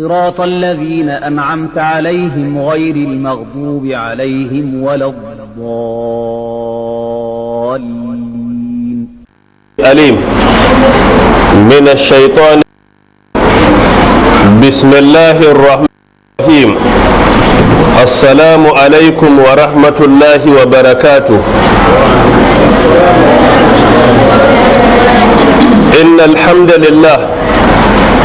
صراط الذين أنعمت عليهم غير المغضوب عليهم ولا الضالين أليم من الشيطان بسم الله الرحمن الرحيم السلام عليكم ورحمة الله وبركاته إن الحمد لله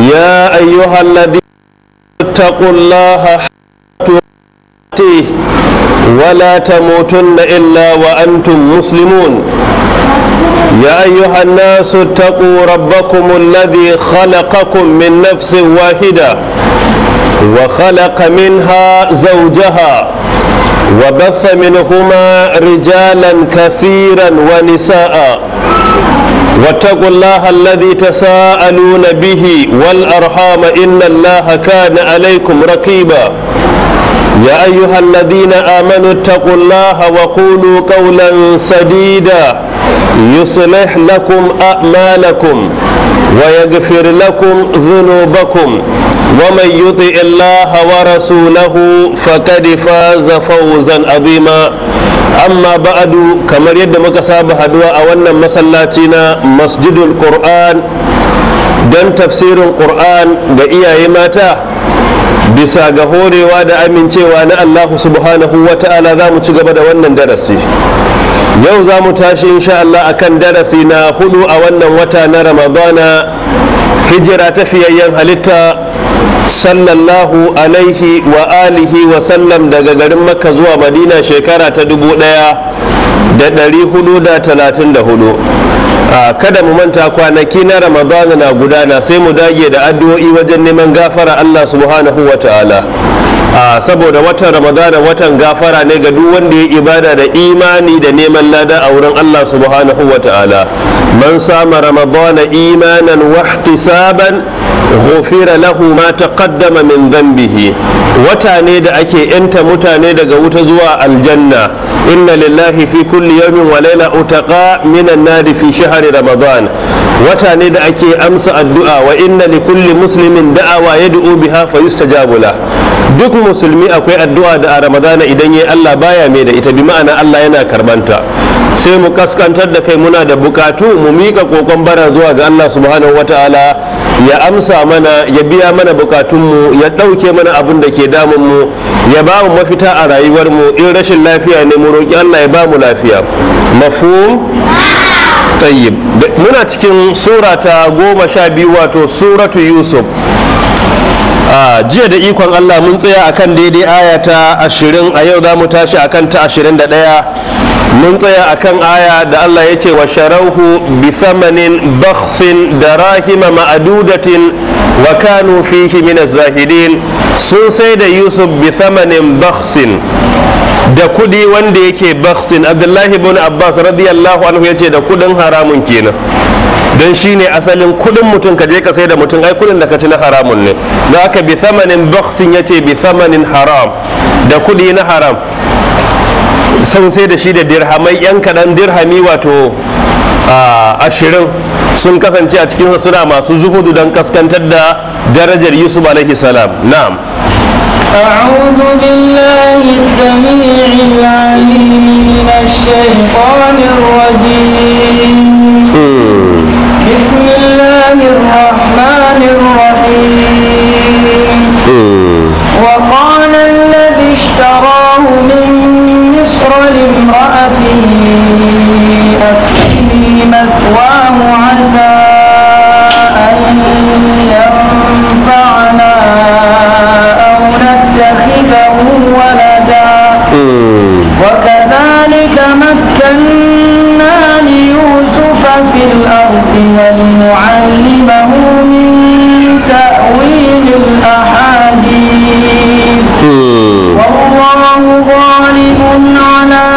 يا أيها الذين اتقوا الله ولا تموتن إلا وأنتم مسلمون يا أيها الناس اتقوا ربكم الذي خلقكم من نفس واحدة وخلق منها زوجها وبث منهما رجالا كثيرا ونساء واتقوا الله الذي تساءلون به والأرحام إن الله كان عليكم رقيبا يا أيها الذين آمنوا اتقوا الله وقولوا قولا سديدا يصلح لكم أعمالكم ويغفر لكم ذنوبكم ومن يطع الله ورسوله فقد فاز فوزا عظيما amma ba'adu kamar yadda muka saba haduwa a wannan masallaci na masjidul qur'an don tafsirin qur'an ga iyaye mata bisa ga horewa da amincewa na allahu subhanahu wa ta'ala za mu ci gaba da wannan darasi yau za mu tashi insha Allah a kan darasi na hudu a wannan wata na ramadana hijira ta fiyayyen halitta sallallahu alaihi wa alihi wa sallam daga garin makka zuwa madina shekara ta dubu daya da dari hudu da talatin da hudu kada mu manta kwanaki na ramadana na gudana sai mu dage da addu'o'i wajen neman gafara allah subhanahu wa ta'ala saboda watan ramadana watan gafara ne ga duk wanda ya ibada da imani da neman lada a wurin Allah subhanahu wa ta'ala man sama ramadana imanan wahtisaban ghufira lahu ma taqaddama min dhanbihi wata ne da ake yanta mutane daga wuta zuwa aljanna inna lillahi fi kulli yawmin wa layla utaqa minan nari fi shahri ramadan wata ne da ake amsa addu'a wa inna li kulli muslimin da'awa yad'u biha fa yustajabu duk duk musulmi akwai addu'a da a ramadana idan ya allah baya mai da ita bi ma'ana allah yana karbanta sai mu kaskantar da kai muna da bukatu mu mika kokon bara zuwa ga allah subhanahu wataala ya amsa mana ya biya mana bukatunmu ya ɗauke mana abin da ke mu ya ba mu mafita a rayuwar mu in rashin lafiya ne mu roƙi allah ya ba mu lafiya mafhum tayyib muna cikin surata ta goma sha biyu wato suratu yusuf a jiya da ikon Allah mun tsaya akan daidai aya ta ashirin a yau za mu tashi akan ta ashirin da ɗaya mun tsaya akan aya da Allah ya ce wa sharauhu bi thamanin bakhsin da rahima ma'adudatin wa kanu fihi min zahidin sun sai da yusuf bi thamanin bakhsin da kudi wanda yake bakhsin abdullahi ibn abbas radiyallahu anhu ya ce da kudin haramun kenan don shi ne asalin kudin mutum ka je ka sai da mutum ai kudin da ka ci na haramun ne da aka bi thamanin boxing ya ce bi thamanin haram da kudi na haram sun sai da shi da dirhamai yan kaɗan dirhami wato ashirin sun kasance a cikinsa suna masu zuhudu don kaskantar da darajar yusuf alaihi salam na'am أعوذ بالله السميع العليم من الشيطان الرجيم بسم الله الرحمن الرحيم وقال الذي اشتراه من مصر لامرأته أكرمي مثواه عسى أن ينفعنا أو نتخذه ولدا وكذلك مكنا ليوسف في الأرض ولنعلمه من تأويل الأحاديث والله غالب على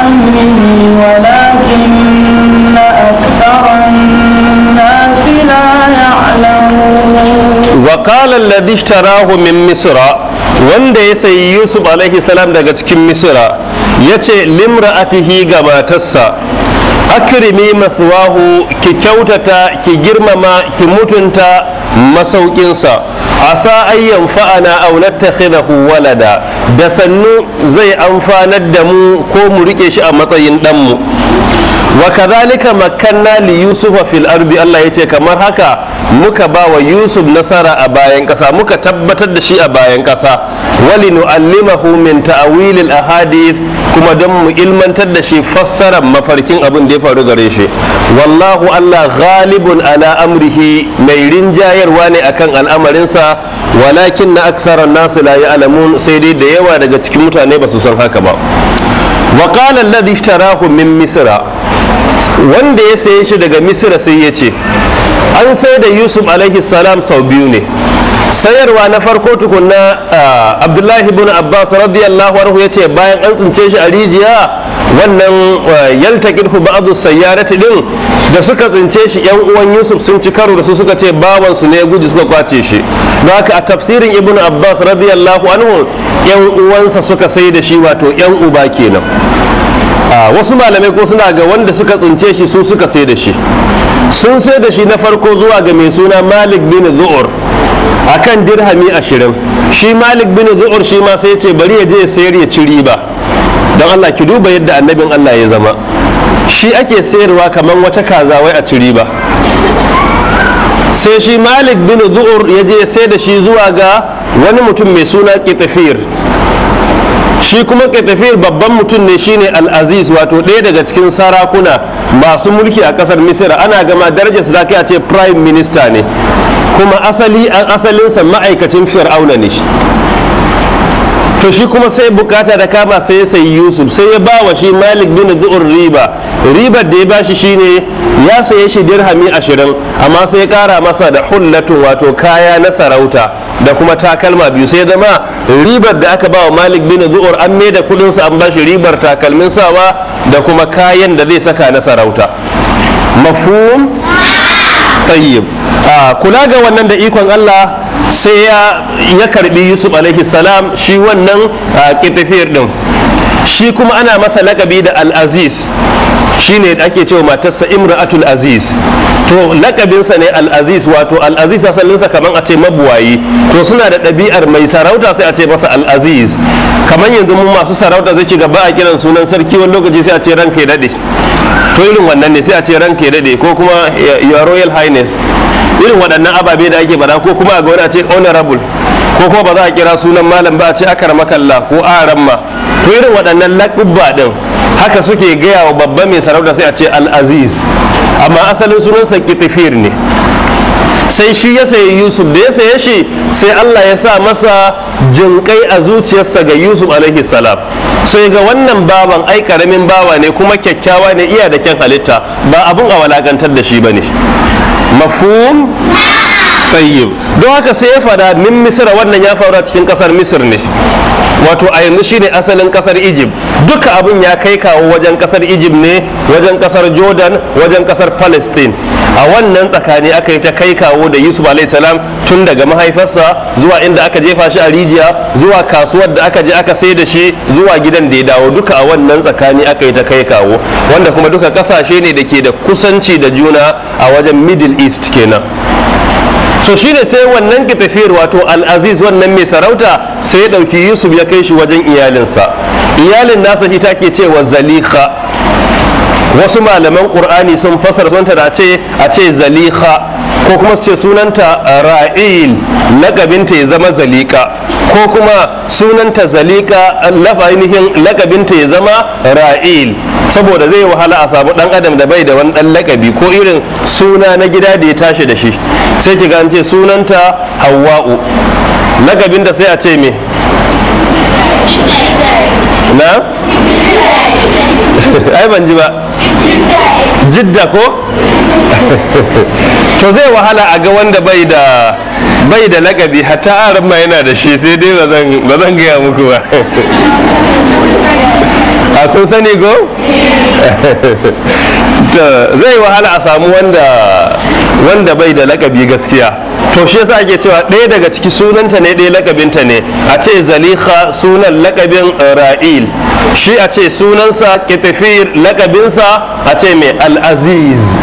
أمره ولكن أكثر الناس لا يعلمون وقال الذي اشتراه من مصر wanda ya sayi yusuf alaihi salam daga cikin misira ya ce limra'atihi ga matarsa akrimi maswahu ki kyautata ki girmama ki mutunta masaukinsa asa ayyan fa'ana aw nattakhidahu walada da sannu zai amfanar da mu ko mu rike shi a matsayin dan mu wa kadhalika makanna li yusufa fil ardi Allah yace kamar haka muka ba wa yusuf nasara a bayan kasa muka tabbatar da shi a bayan kasa wali nu'allimahu min ta'wil al ahadith kuma don mu ilmantar da shi fassarar mafarkin abin da ya faru gare shi wallahu Allah ghalibun ala amrihi mai rinjayarwa ne akan al'amarinsa walakin na aktharan nasu la ya'lamun sai dai da yawa daga cikin mutane ba su san haka ba wa qala alladhi ishtarahu min misra wanda ya sayi shi daga misira sai ya ce an sai da yusuf alaihi salam sau biyu ne sayarwa na farko tukunna abdullahi bin abbas radiyallahu anhu ya ce bayan an tsince shi a rijiya wannan yaltakin ba'adu sayyarati din da suka tsince shi yan uwan yusuf sun ci karo da su suka ce bawansu ne gudu suka kwace shi don haka a tafsirin ibn abbas radiyallahu anhu yan uwansa suka sai da shi wato yan uba kenan wasu malamai ko suna ga wanda suka tsince shi su suka sai da shi sun sai da shi na farko zuwa ga mai suna malik bin zu'ur kan dirhami ashirin shi malik bin zu'ur shi ma sai ce bari ya je ya sayar ya ciri ba don allah ki duba yadda annabin allah ya zama shi ake sayarwa kamar wata kaza wai a ciri ba sai shi malik bin zu'ur ya je sai da shi zuwa ga wani mutum mai suna kitafir shi kuma ƙetafir babban mutum ne shine al'aziz wato ɗaya daga cikin sarakuna masu mulki a ƙasar misir ana gama darajar su kai ce prime minister ne kuma asali asalinsa ma'aikacin fir'auna ne to shi kuma sai bukata da kama sai ya sayi yusuf sai ya bawa shi malik bin zu'ur riba ribar da ya bashi shine ya saye shi dirhami ashirin amma sai ya kara masa da hullatun wato kaya na sarauta da kuma takalma biyu sai zama ribar da aka bawa malik bin zu'ur an mai da kudinsa an bashi ribar takalmin sawa da kuma kayan da zai saka na sarauta mafhum tayyib ah, kula ga wannan da ikon Allah sai ya karbi yusuf alaihi salam shi wannan kitafiyar din shi kuma ana masa lakabi da al-aziz shine da ake cewa matarsa imra'atul aziz to lakabinsa ne al-aziz wato al-aziz asalinsa kaman a ce mabuwayi to suna da ɗabi'ar mai sarauta sai a ce masa al-aziz kamar yanzu mun masu sarauta zai ci gaba a kiran sunan sarki wani lokaci sai a ce ranka ya daɗe to irin wannan ne sai a ce ranka ya daɗe ko kuma your royal highness irin waɗannan ababe da ake bada ko kuma a gauna a ce honorable ko kuma ba za a kira sunan malam ba a ce akar makalla ko ramma to irin waɗannan laƙubba ɗin haka suke gaya wa babba mai sarauta sai a ce al'aziz amma asalin sunan sunansa kitifir ne sai shi ya sayi yusuf da ya saye shi sai allah ya sa masa jinƙai a zuciyarsa ga yusuf alaihi salam sai ga wannan bawan ai karamin bawa ne kuma kyakkyawa ne iya da kyan halitta ba abun a walakantar da shi ba ne mafhum tayyib don haka sai ya fada min misra wannan ya faru a cikin kasar misir ne wato a yanzu shine asalin kasar egypt duka abun ya kai kawo wajen kasar egypt ne wajen kasar jordan wajen kasar palestine a wannan tsakani aka yi ta kai kawo da yusuf salam tun daga mahaifarsa zuwa inda aka jefa shi a rijiya zuwa kasuwar da aka je aka sai da shi zuwa gidan da ya dawo duka a wannan tsakani aka yi ta kai kawo wanda kuma duka kasashe ne da ke da kusanci da juna a wajen middle east kenan so ne sai wannan tafiyar wato al'aziz wannan mai sarauta sai ya ɗauki yusuf ya kai shi wajen iyalinsa iyalin nasa shi take cewa zaliha wasu malaman ƙur'ani sun fasar sun da ce a ce zaliha ko kuma su ce sunanta ra'il lakabinta ya zama zalika ko kuma sunanta zalika lafa lakabinta ya zama ra'il saboda zai wahala a samu dan adam da bai da wani dan lakabi ko irin suna na gida da ya tashi da shi sai shiga an ce sunanta hawa'u lakabinta sai a ce me na ai ban ji ba jidda ko to zai wahala a ga wanda bai da bai da lakabi hata aran ma yana da shi sai dai ba zan gaya muku ba a kun sani ko? zai wahala a samu wanda bai da lakabi gaskiya to shi yasa ake cewa ɗaya daga ciki sunanta ne ɗaya lakabinta ne a ce zaliha sunan lakabin ra'il shi a ce sunansa kitafir lakabinsa a ce mai al'aziz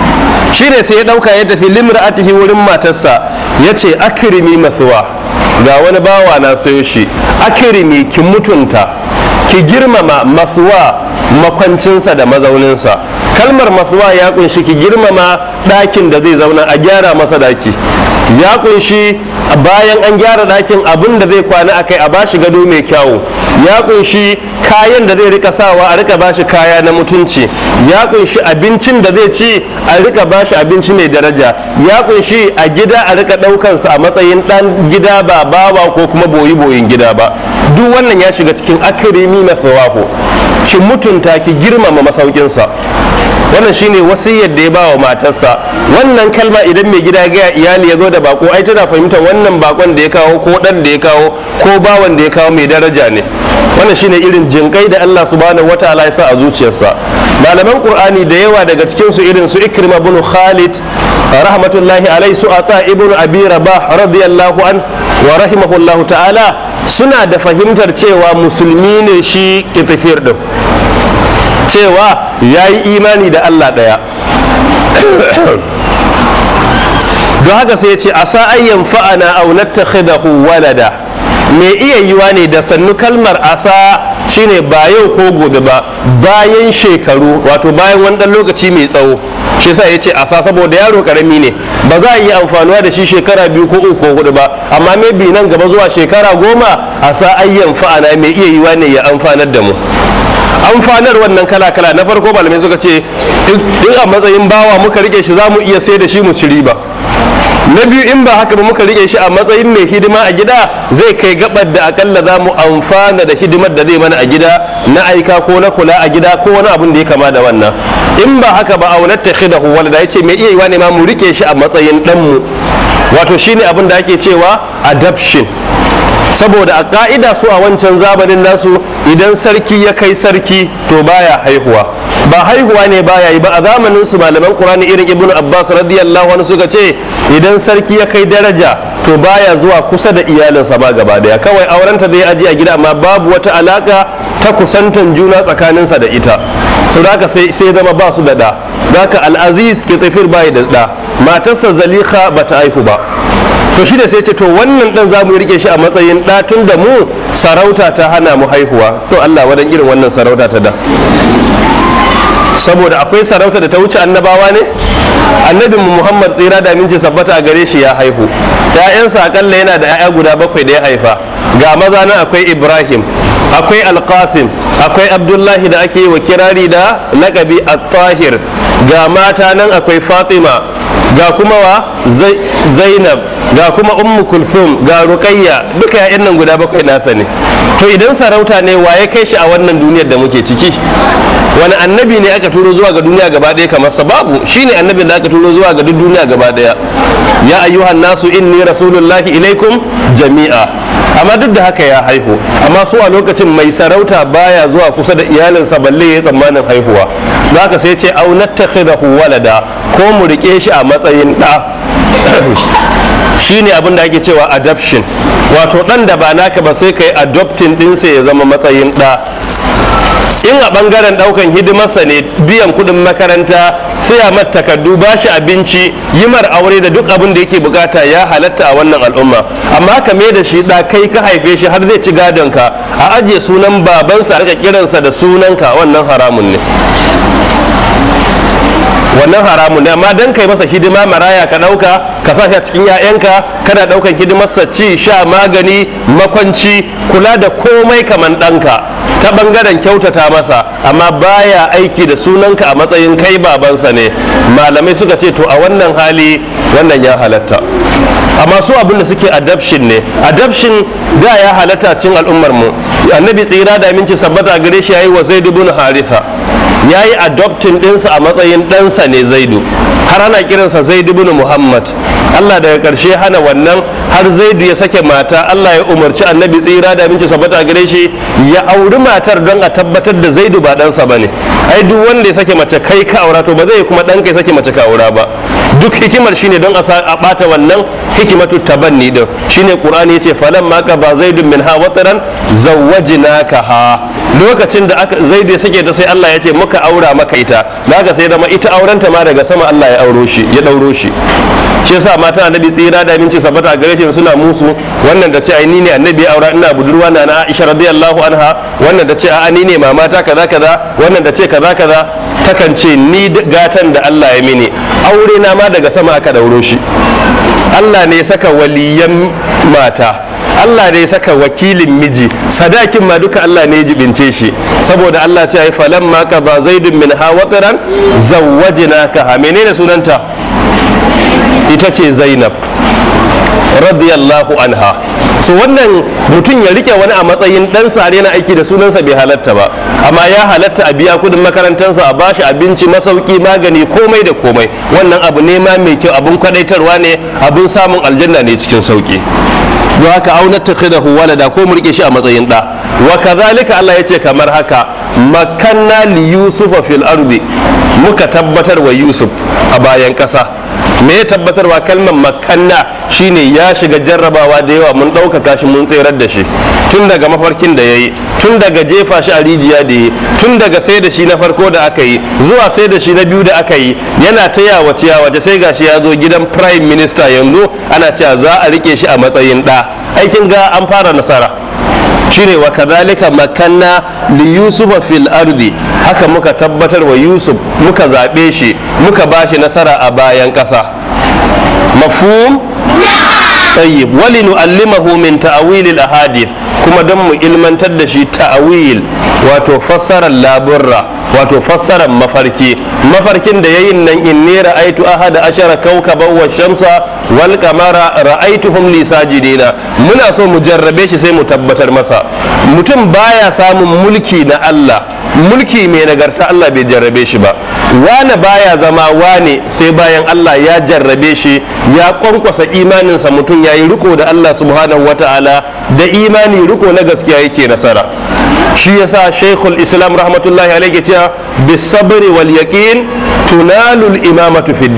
shi ne sai ya dauka ya tafi limra'atihi wurin matarsa ya yace akrimi mathuwa ga wani bawa na sayo shi akirimi ki mutunta ki girmama mathuwa makwancinsa da mazauninsa kalmar masuwa ya kunshi ki girmama ɗakin da zai zauna a gyara masa daki ya kunshi bayan an gyara ɗakin abin da zai kwana a kai a bashi gado mai kyawu ya kunshi kayan da zai rika sawa a rika bashi kaya na mutunci ya kunshi abincin da zai ci a rika bashi abinci mai daraja ya kunshi a gida a rika ɗaukansa a matsayin ɗan gida ba bawa ko kuma boyi boyin gida ba duk wannan ya shiga cikin akirimi na tsawaho ki mutunta ki girmama masaukinsa wannan shine wasiyar da ya ba wa matarsa wannan kalma idan mai gida ga iyali ya zo da bako ai tana fahimta wannan bakon da ya kawo ko dan da ya kawo ko bawan da ya kawo mai daraja ne wannan shine irin jinkai da Allah subhanahu wataala ya sa a zuciyarsa malaman qur'ani da yawa daga cikin su irin su ikrima ibn khalid rahmatullahi alaihi su ata ibn abi rabah radiyallahu an wa rahimahullahu ta'ala suna da fahimtar cewa musulmi ne shi kitafir din cewa ya yi imani da allah ɗaya don haka sai ya ce a sa'ayyan fa'ana aunatta khidahu walada mai iya yiwa ne da sannu kalmar asa shine ba yau ko gobe ba bayan shekaru wato bayan wani lokaci mai tsawo shi sa ya ce asa saboda yaro karami ne ba za a yi amfanuwa da shi shekara biyu ko uku ko hudu ba amma bi nan gaba zuwa shekara goma asa ayyan fa'ana mai iya yiwa ne ya amfanar da mu amfanar wannan kala-kala na farko malamai suka ce duk a matsayin bawa muka rike shi za mu iya sai da shi mu ci riba na biyu in ba haka ba muka rike shi a matsayin mai hidima a gida zai kai gabar da akalla za mu amfana da hidimar da zai mana a gida na aika ko na kula a gida ko wani abun da ya kama da wannan in ba haka ba ta da da ya ce mai iya yiwa ne ma mu rike shi a matsayin ɗanmu wato shine abin da ake cewa adoption saboda a ka'ida su a wancan zamanin nasu idan sarki ya kai sarki to baya haihuwa ba haihuwa ne baya yi ba a zamanin su malaman qur'ani irin ibnu abbas radiyallahu anhu suka ce idan sarki ya kai daraja to baya zuwa kusa da iyalinsa ba gaba daya kawai aurenta zai ajiye a gida amma babu wata alaka ta kusantan juna tsakaninsa da ita sau sai sai zama ba su da ɗa da al'aziz ke tafir bai da da matarsa zaliha ba ta haihu ba to shi da sai ce to wannan dan zamu mu rike shi a matsayin da tun da mu sarauta ta hana mu haihuwa to allah wadan irin wannan sarauta ta da saboda akwai sarauta da ta wuce annabawa ne annabin muhammad tsira da aminci sabbata a gare shi ya haihu 'ya'yansa akalla yana da 'ya'ya guda bakwai da ya haifa ga maza nan akwai ibrahim akwai alkasim akwai abdullahi da ake wa kirari da lakabi at-tahir ga mata nan akwai fatima ga kuma wa zainab ga kuma ummu kulthum ga ruqayya duka ya'yan nan guda bakwai nasa ne to idan sarauta ne waye kai shi a wannan duniyar da muke ciki wani annabi ne aka turo zuwa ga duniya gaba ɗaya kamar sa babu shine annabin da aka turo zuwa ga duk duniya gaba ɗaya ya ayyuhan nasu inni rasulullahi ilaikum jami'a amma duk da haka ya haihu amma su a lokacin mai sarauta baya zuwa kusa da iyalinsa balle ya tsammanin haihuwa za ka sai ce au nattakhidahu walada ko mu rike shi a matsayin ɗa shine abin da ake cewa adoption wato ɗan da ba naka ba sai kai adopting ɗinsa ya zama matsayin ɗa in a bangaren daukan hidimarsa ne biyan kudin makaranta siya mata takardu ba shi abinci yimar aure da duk abin da yake bukata ya halatta a wannan al'umma amma ka mai da shi da kai ka haife shi har zai ci gadon ka a ajiye sunan babansa a kiransa da sunanka wannan haramun ne wannan haramun ne amma dan kai masa hidima maraya ka dauka ka sa shi a cikin 'ya'yanka kana daukan hidimarsa ci sha magani makwanci kula da komai kaman danka. ta bangaren kyautata masa amma baya aiki da sunanka a matsayin kai babansa ne malamai suka ce to a wannan hali wannan ya halatta amma su abin da suke adabshin ne adabshin da ya halatta cin al'ummar mu annabi tsira da aminci sabbata gare shi yayi wa zaid ibn harifa. yayi adopting dinsa a matsayin ɗansa ne zaidu har ana kiransa zaid ibn muhammad Allah daga karshe hana wannan har zaidu ya sake mata allah ya umarci annabi tsira da abinci sabata gare shi ya auri matar don a tabbatar da zaidu ba ɗansa ba ne ai duk wanda ya sake mace kai ka aura to ba zai kuma ɗanka ya sake mace ka aura ba duk hikimar shine don a bata wannan hikimatu tabanni din shine qur'ani yace falan ma ka ba zaidun min ha wataran zawajnaka ha lokacin da aka ya sake ta sai Allah ce muka aura maka ita daga sai zama ita aurenta ma daga sama Allah ya auro shi ya dauro shi shi yasa mata annabi tsira da minci sabata gare shi suna musu wannan da ce ai ni ne annabi aura ina budurwa na na Aisha radiyallahu anha wannan da ce a ni ne mamata kaza kaza wannan da ce kaza kaza takan ce ni gatan da Allah ya mini aure na ma daga sama aka dauro shi Allah ne saka waliyan mata Allah ne saka wakilin miji sadakin ma duka Allah ne jibince shi saboda Allah ce ai falan ma ka ba zaidun min ha wataran zawwajina ka menene sunanta ita ce Zainab radiyallahu anha so wannan mutum ya rike wani a matsayin dan sare na aiki da sunansa bai halatta ba amma ya halatta a biya kudin makarantarsa a bashi abinci masauki magani komai da komai wannan abu ne ma mai kyau abun kwadaitarwa ne abun samun aljanna ne cikin sauki don haka auna takhidahu walada ko mu rike shi a matsayin da wa kadhalika Allah yace kamar haka makanna li yusufa fil ardi muka tabbatar wa yusuf a bayan kasa me ya tabbatarwa kalmar makanna shine ya shiga jarrabawa da yawa mun ɗaukaka shi mun tserar da shi tun daga mafarkin da ya yi tun daga jefa shi a rijiya da yi tun daga sai da shi na farko da aka yi zuwa sai da shi na biyu da aka yi yana ta yawa ciya waje sai ga shi ya zo gidan prime minister yanzu ana cewa za a rike shi a matsayin ɗa aikin ga an fara nasara shine wa kadhalika makanna li yusufa fil ardi haka muka tabbatar wa yusuf muka zabe shi muka bashi nasara a bayan kasa mafhum tayyib wali nu'allimahu min ta'wil al ahadith kuma don mu ilmantar da shi ta'wil wato fassarar laburra wato fassarar mafarki mafarkin da yayin nan in ne ra'aitu ahada ashara kawkaban wa shamsa wal qamara ra'aituhum li sajidina muna so mu jarrabe shi sai mu tabbatar masa mutum baya samun mulki na Allah mulki mai nagarta Allah bai jarrabe shi ba wane baya zama wane sai bayan Allah ya jarrabe shi ya kwankwasa imaninsa mutum ya yi riko da Allah subhanahu wata'ala da imani riko na gaskiya yake nasara shi yasa shaykhul islam rahmatullahi alaihi ce duniya bisabri wal yaqin tunalul imamatu fid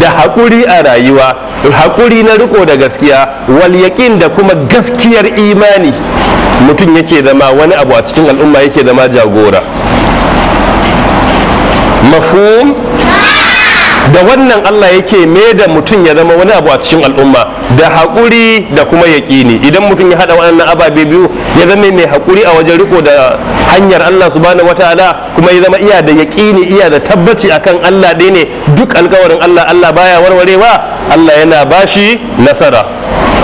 da haƙuri a rayuwa haƙuri na riko da gaskiya wal da kuma gaskiyar imani mutum yake zama wani abu a cikin al'umma yake zama jagora mafhum da wannan Allah yake me da mutum ya zama wani abu a cikin al'umma da haƙuri da kuma yaƙini idan mutum ya haɗa waɗannan ababe biyu ya zama mai haƙuri a wajen riko da hanyar Allah subhanahu wataala kuma ya zama iya da yaƙini iya da tabbaci akan Allah ɗaya ne duk alƙawarin Allah Allah baya warwarewa Allah yana bashi nasara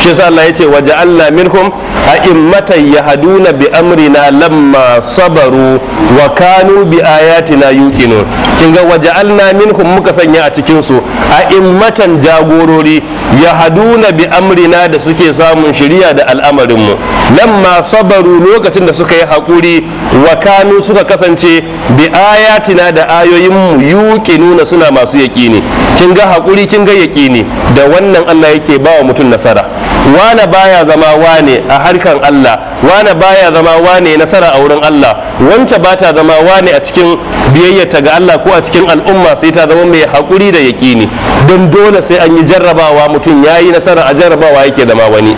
shi yasa Allah yace wa ja'alna minhum a'immatan yahduna bi amrina lamma sabaru wa kanu bi ayatina yuqinun kin ga wa ja'alna minhum muka sanya a cikin su a'immatan jagorori yahduna bi amrina da suke samun shiriya da al'amarin mu lamma sabaru lokacin da suka yi hakuri wa kanu suka kasance bi ayatina da ayoyin mu yuqinuna suna masu yaqini kin ga hakuri kin ga yaqini da wannan Allah yake ba wa mutum nasara wane baya zama wane a harkan Allah wane baya zama wane nasara a wurin Allah wance ba ta zama wane a cikin biyayyata ga Allah ko a cikin al'umma sai ta zama mai haƙuri da yaƙini don dole sai an yi jarrabawa mutum yayi nasara a jarrabawa yake zama wani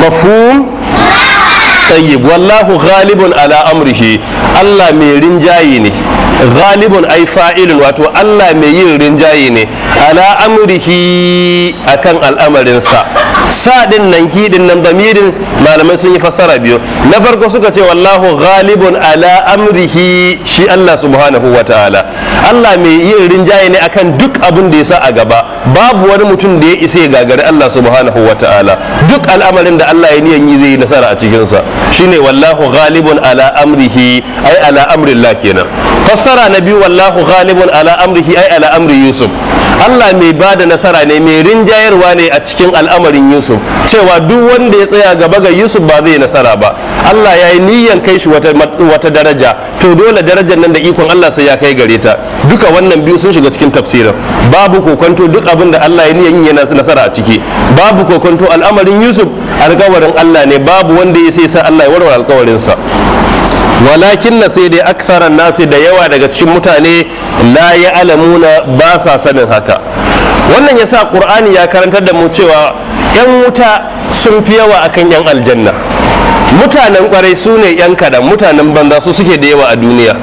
mafhum tayyib wallahu ghalibun ala amrihi Allah mai rinjayi ne ghalibun ai fa'ilun wato Allah mai yin rinjayi ne ala amrihi akan al'amarinsa sa din nan ki din nan damirin malamai sun yi fassara biyu na farko suka ce wallahu ghalibun ala amrihi shi Allah subhanahu wa ta'ala Allah mai yin rinjaye ne akan duk abin da ya sa a gaba babu wani mutum da ya isa ya gagari Allah subhanahu wa ta'ala duk al'amarin da Allah ya niyan yi zai yi nasara a cikin sa shine wallahu ghalibun ala amrihi ai ala amrillah kenan fassara na biyu wallahu ghalibun ala amrihi ai ala amri yusuf Allah mai ba da nasara ne mai rinjayarwa ne a cikin al'amarin Yusuf cewa duk wanda ya tsaya gaba ga Yusuf ba zai nasara ba Allah ya yi niyyan kai shi wata daraja to dole darajar nan da ikon Allah sai ya kai gare ta duka wannan biyu sun shiga cikin tafsirin babu kokonto duk abin da Allah ya niyyan yana nasara a ciki babu kokonto al'amarin Yusuf alkawarin Allah ne babu wanda ya sai sa Allah ya warware alkawarinsa walakin na sai dai aksaran nasi da yawa daga cikin mutane la ya alamuna ba sa sanin haka wannan yasa qur'ani ya karantar da mu cewa yan wuta sun fi yawa akan yan aljanna mutanen kwarai su ne yan kadan mutanen banza su suke da yawa a duniya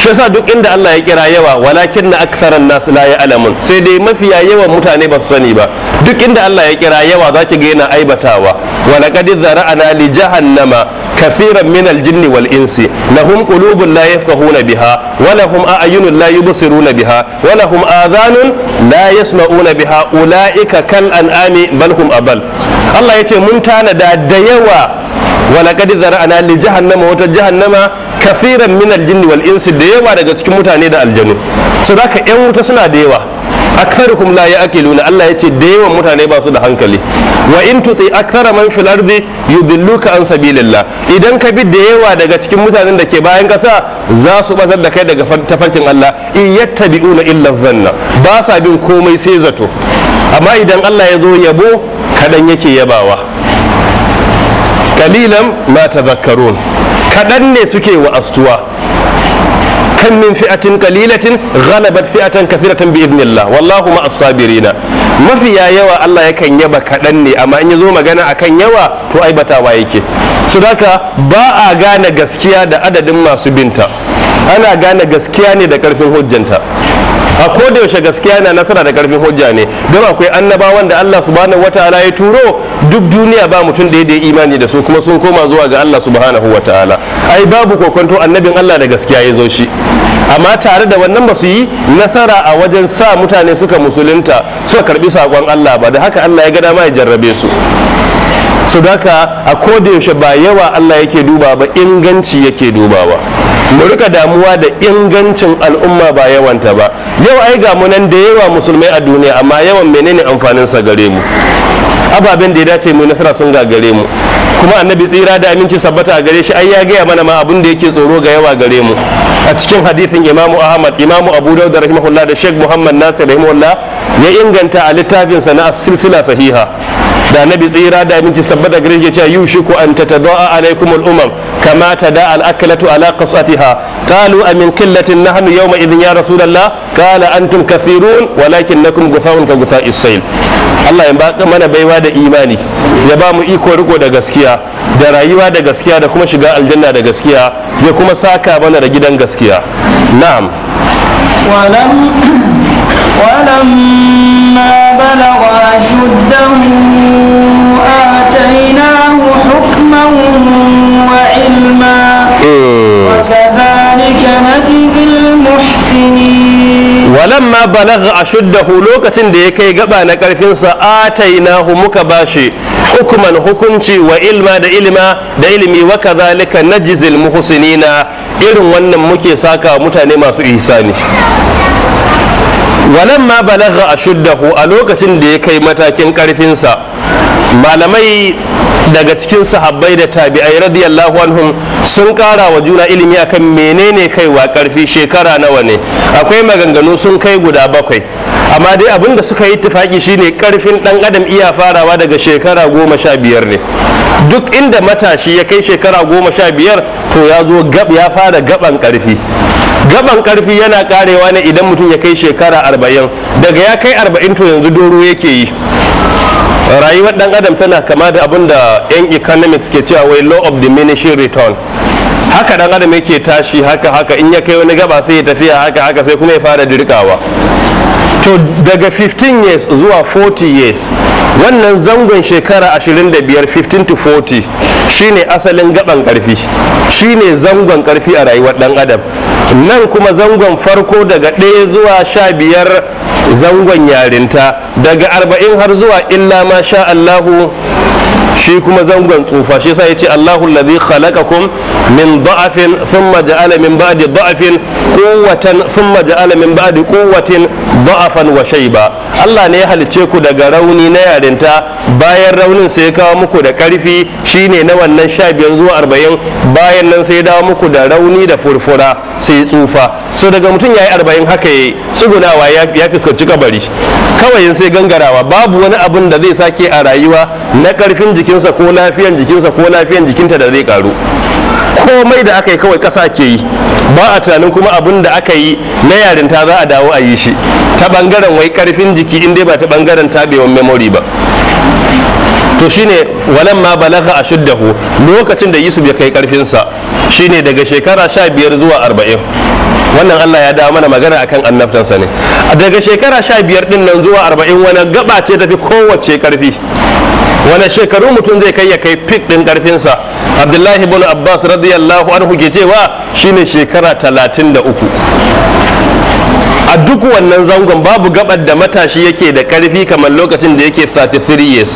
shi yasa duk inda Allah ya kira yawa walakin na aksaran nasu la ya'lamun sai dai mafiya yawan mutane ba su sani ba duk inda Allah ya kira yawa zaki ga yana aibatawa wa laqad zara'ana li jahannama nama min al wal insi lahum qulubun la na biha wa lahum a'yunun la yubsiruna biha wa lahum adhanun la yasma'una biha ulaika kan an'ami bal hum abal Allah ya ce mun tanada da yawa walaqad zara'ana li jahannama wata jahannama kafiran min aljinni wal insi da yawa daga cikin mutane da aljanu saboda yan wuta suna da yawa aktharuhum la ya'qiluna Allah yace da yawan mutane ba su da hankali wa in tuti akthara man fil ardi yudilluka an sabilillah idan ka bi da yawa daga cikin mutanen da ke bayan kasa za su bazar da kai daga tafarkin Allah in yattabi'una illa dhanna ba sa bin komai sai zato amma idan Allah ya zo yabo kadan yake yabawa kalilan ma zakarun kaɗan ne suke wa'astuwa kan min fi'atin kalilatin ghalabat fi'atan kathiratan bi idnillah wallahu ma as-sabirina mafiya yawa Allah yakan yaba kaɗan ne amma in yazo magana akan yawa to ai waye yake su daka ba a gane gaskiya da adadin masu binta ana gane gaskiya ne da karfin hujjanta a ko da yaushe gaskiya yana nasara da karfin hujja ne don akwai annabawan da Allah subhanahu wataala ya turo duk duniya ba mutum da ya imani da su kuma sun koma zuwa ga Allah subhanahu wataala ai babu kokonto annabin Allah da gaskiya ya zo shi amma tare da wannan ba su yi nasara a wajen sa mutane suka musulunta suka karbi sakon Allah ba da haka Allah ya ga dama ya jarrabe su su daka a koda yaushe ba yawa Allah yake duba ba inganci yake dubawa mu rika damuwa da ingancin al'umma ba yawanta ba yau ai ga mu nan da yawa musulmai a duniya amma yawan menene amfanin sa gare mu ababen da ya dace mu nasara sun gagare mu kuma annabi tsira da aminci sabbata a gare shi ai ya gaya mana ma abin da yake tsoro ga yawa gare mu a cikin hadisin imamu ahmad imamu abu dawud rahimahullah da sheikh muhammad nasir rahimahullah ya inganta a littafin sa na silsila sahiha da annabi tsira da aminci sabbata gare shi ya ce yushiku an tatada'a alaikum al-umam kama tada al-aklatu ala qasatiha qalu amin qillatin nahnu yawma idhin ya rasulullah qala antum kathirun walakinnakum guthawun ka gutha'is sayl Allah ya baka mana baiwa da imani ya ba mu iko riko da gaskiya da rayuwa da gaskiya da kuma shiga aljanna da gaskiya ya kuma saka mana da gidan gaskiya na'am ولما بلغ أشده آتيناه حكما وعلما وكذلك نجزي a balagha ashuddahu lokacin da ya kai gaba na karfinsa atainahu muka bashi hukuman hukunci wa ilma da ilma da ilimi wa kadhalika najzil muhsinina irin wannan muke saka mutane masu ihsani walamma balagha ashuddahu a lokacin da ya kai matakin karfinsa malamai daga cikin sahabbai da tabi'ai radiyallahu anhum sun kara wa juna ilimi akan menene kaiwa karfi shekara nawa ne akwai maganganu sun kai guda bakwai amma dai abin da suka yi tufaki shine karfin dan adam iya farawa daga shekara goma sha biyar ne duk inda matashi ya kai shekara goma sha biyar to ya zo gab ya fara gaban karfi gaban karfi yana karewa ne idan mutum ya kai shekara arba'in daga ya kai arba'in to yanzu doro yake yi rayuwar dan adam tana kama da abin da yan economics ke cewa wai law of diminishing return haka dan adam yake tashi haka haka in ya kai wani gaba sai ya tafiya haka haka sai kuma ya fara dirkawa to daga 15 years zuwa 40 years wannan zangon shekara 25 15 to 40 shine asalin gaban karfi shine zangon karfi a rayuwar dan adam nan kuma zangon farko daga ɗaya zuwa sha biyar zangon yarinta daga arba'in har zuwa illa ma allahu shi kuma zangon tsufa shi ya ce Allahu allazi khalaqakum min da'afin thumma ja'ala min ba'di da'afin quwwatan thumma ja'ala min ba'di quwwatin da'afan wa shayba Allah ne ya halice ku daga rauni na yarinta bayan raunin sai ya kawo muku da karfi shine na wannan biyan zuwa arba'in bayan nan sai ya dawo muku da rauni da furfura sai tsufa so daga mutum ya yi arba'in haka ya tsugunawa ya fuskanci kabari kawai sai gangarawa babu wani abin da zai sake a rayuwa na karfin jikinsa ko lafiyan jikinsa ko lafiyan jikinta da zai karu komai da aka yi kawai kasa ke yi ba a tunanin kuma abin da aka yi na yarinta za a dawo a yi shi ta bangaren wai karfin jiki in dai ba ta bangaren tabewan memory ba to shine walamma balagha ashuddahu lokacin da Yusuf ya kai karfinsa shine daga shekara sha biyar zuwa arba'in wannan allah ya dawo mana magana akan annabtansa ne daga shekara sha biyar din nan zuwa arba'in wani gaba ce tafi kowace karfi wani shekaru mutum zai kai ya kai fik din karfinsa abdullahi ibn abbas radiyallahu anhu ke cewa shine shekara talatin da uku a duk wannan zangon babu gabar da matashi yake da karfi kamar lokacin da yake 33 years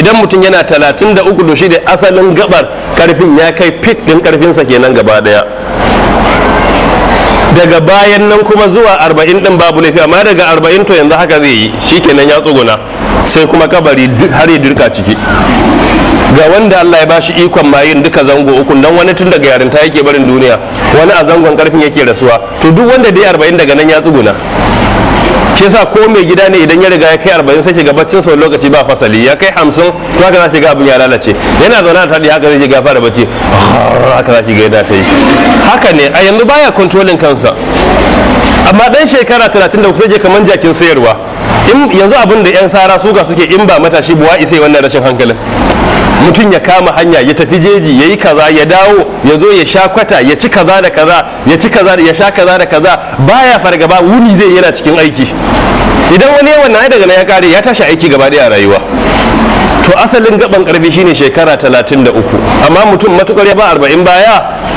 idan mutum yana 33 da shi da asalin gabar karfin ya kai fit din karfinsa kenan gaba daya daga bayan nan kuma zuwa 40 din babu laifi amma daga 40 to yanzu haka zai yi shikenan ya tsuguna sai kuma kabari har ya dirka ciki ga wanda Allah ya bashi ikon mayin duka zango uku dan wani tun daga yarinta yake barin duniya wani a zangon karfin yake rasuwa to duk wanda dai arba'in daga nan ya tsuguna Ke sa ko mai gida ne idan ya riga ya kai arba'in sai shiga baccin sau lokaci ba fasali ya kai hamsin to haka za ki ga abin ya lalace yana zaune a da haka zai ga fara bacci haka za ki ga yana ta yi haka ne a yanzu baya kontrolin kansa amma dan shekara 33 da kusa je kaman jakin sayarwa yanzu abin da 'yan sara suka suke in ba matashi buwa isa wannan rashin hankalin mutum ya kama hanya ya tafi jeji ya yi kaza ya dawo ya zo ya sha kwata ya ci kaza da kaza ya ci kaza ya sha kaza da kaza baya fargaba wuni zai yana cikin aiki idan wani yawan na daga na ya kare ya tashi aiki gaba daya rayuwa to asalin gaban karfi shine shekara 33 amma mutum matukar ya ba 40 baya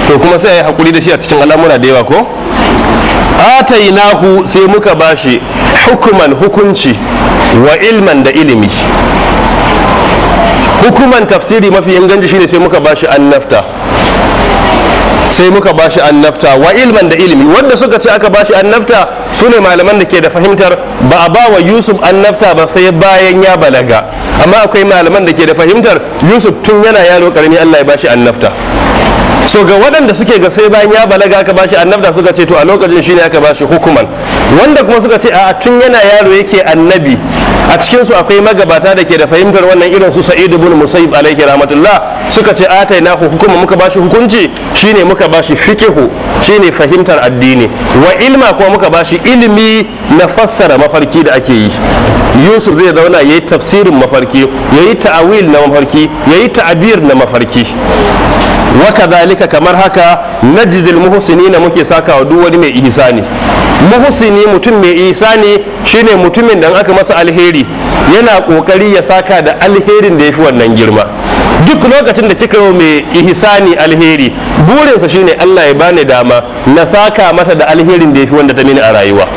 to kuma sai ya yi hakuri da shi a cikin al'amura da yawa ko atainahu sai muka bashi hukuman hukunci wa ilman da ilimi hukuman tafsiri mafi inganci shine sai muka bashi annafta sai muka bashi annafta wa ilman da ilimi wanda suka ce aka bashi annafta su ne malaman da ke da fahimtar ba a ba wa yusuf annafta ba sai bayan ya balaga amma akwai malaman da ke da fahimtar yusuf tun yana yaro karami allah ya bashi annafta so ga waɗanda suke ga sai bayan ya balaga aka bashi annabda suka ce to a lokacin shine aka bashi hukuman wanda kuma suka ce a tun yana yaro yake annabi a cikin su akwai magabata da ke da fahimtar wannan irin su sa'idu bin musayib alayhi rahmatullah suka ce atai na hukuma muka bashi hukunci shine muka bashi fiqhu shine fahimtar addini wa ilma kuma muka bashi ilimi na fassara mafarki da ake yi yusuf zai zauna ya yi tafsirin mafarki ya yi ta'awil na mafarki ya yi ta'abir na mafarki wa kazalika kamar haka najzil na muke saka wa duk wani mai ihisani muhsini mutum mai ihsani shine mutumin da aka masa alheri yana kokari ya saka da alherin da yafi wannan girma duk lokacin da kika yi mai ihsani alheri burinsa shine Allah ya bani dama na saka mata da alherin da yafi wanda ta mini a rayuwa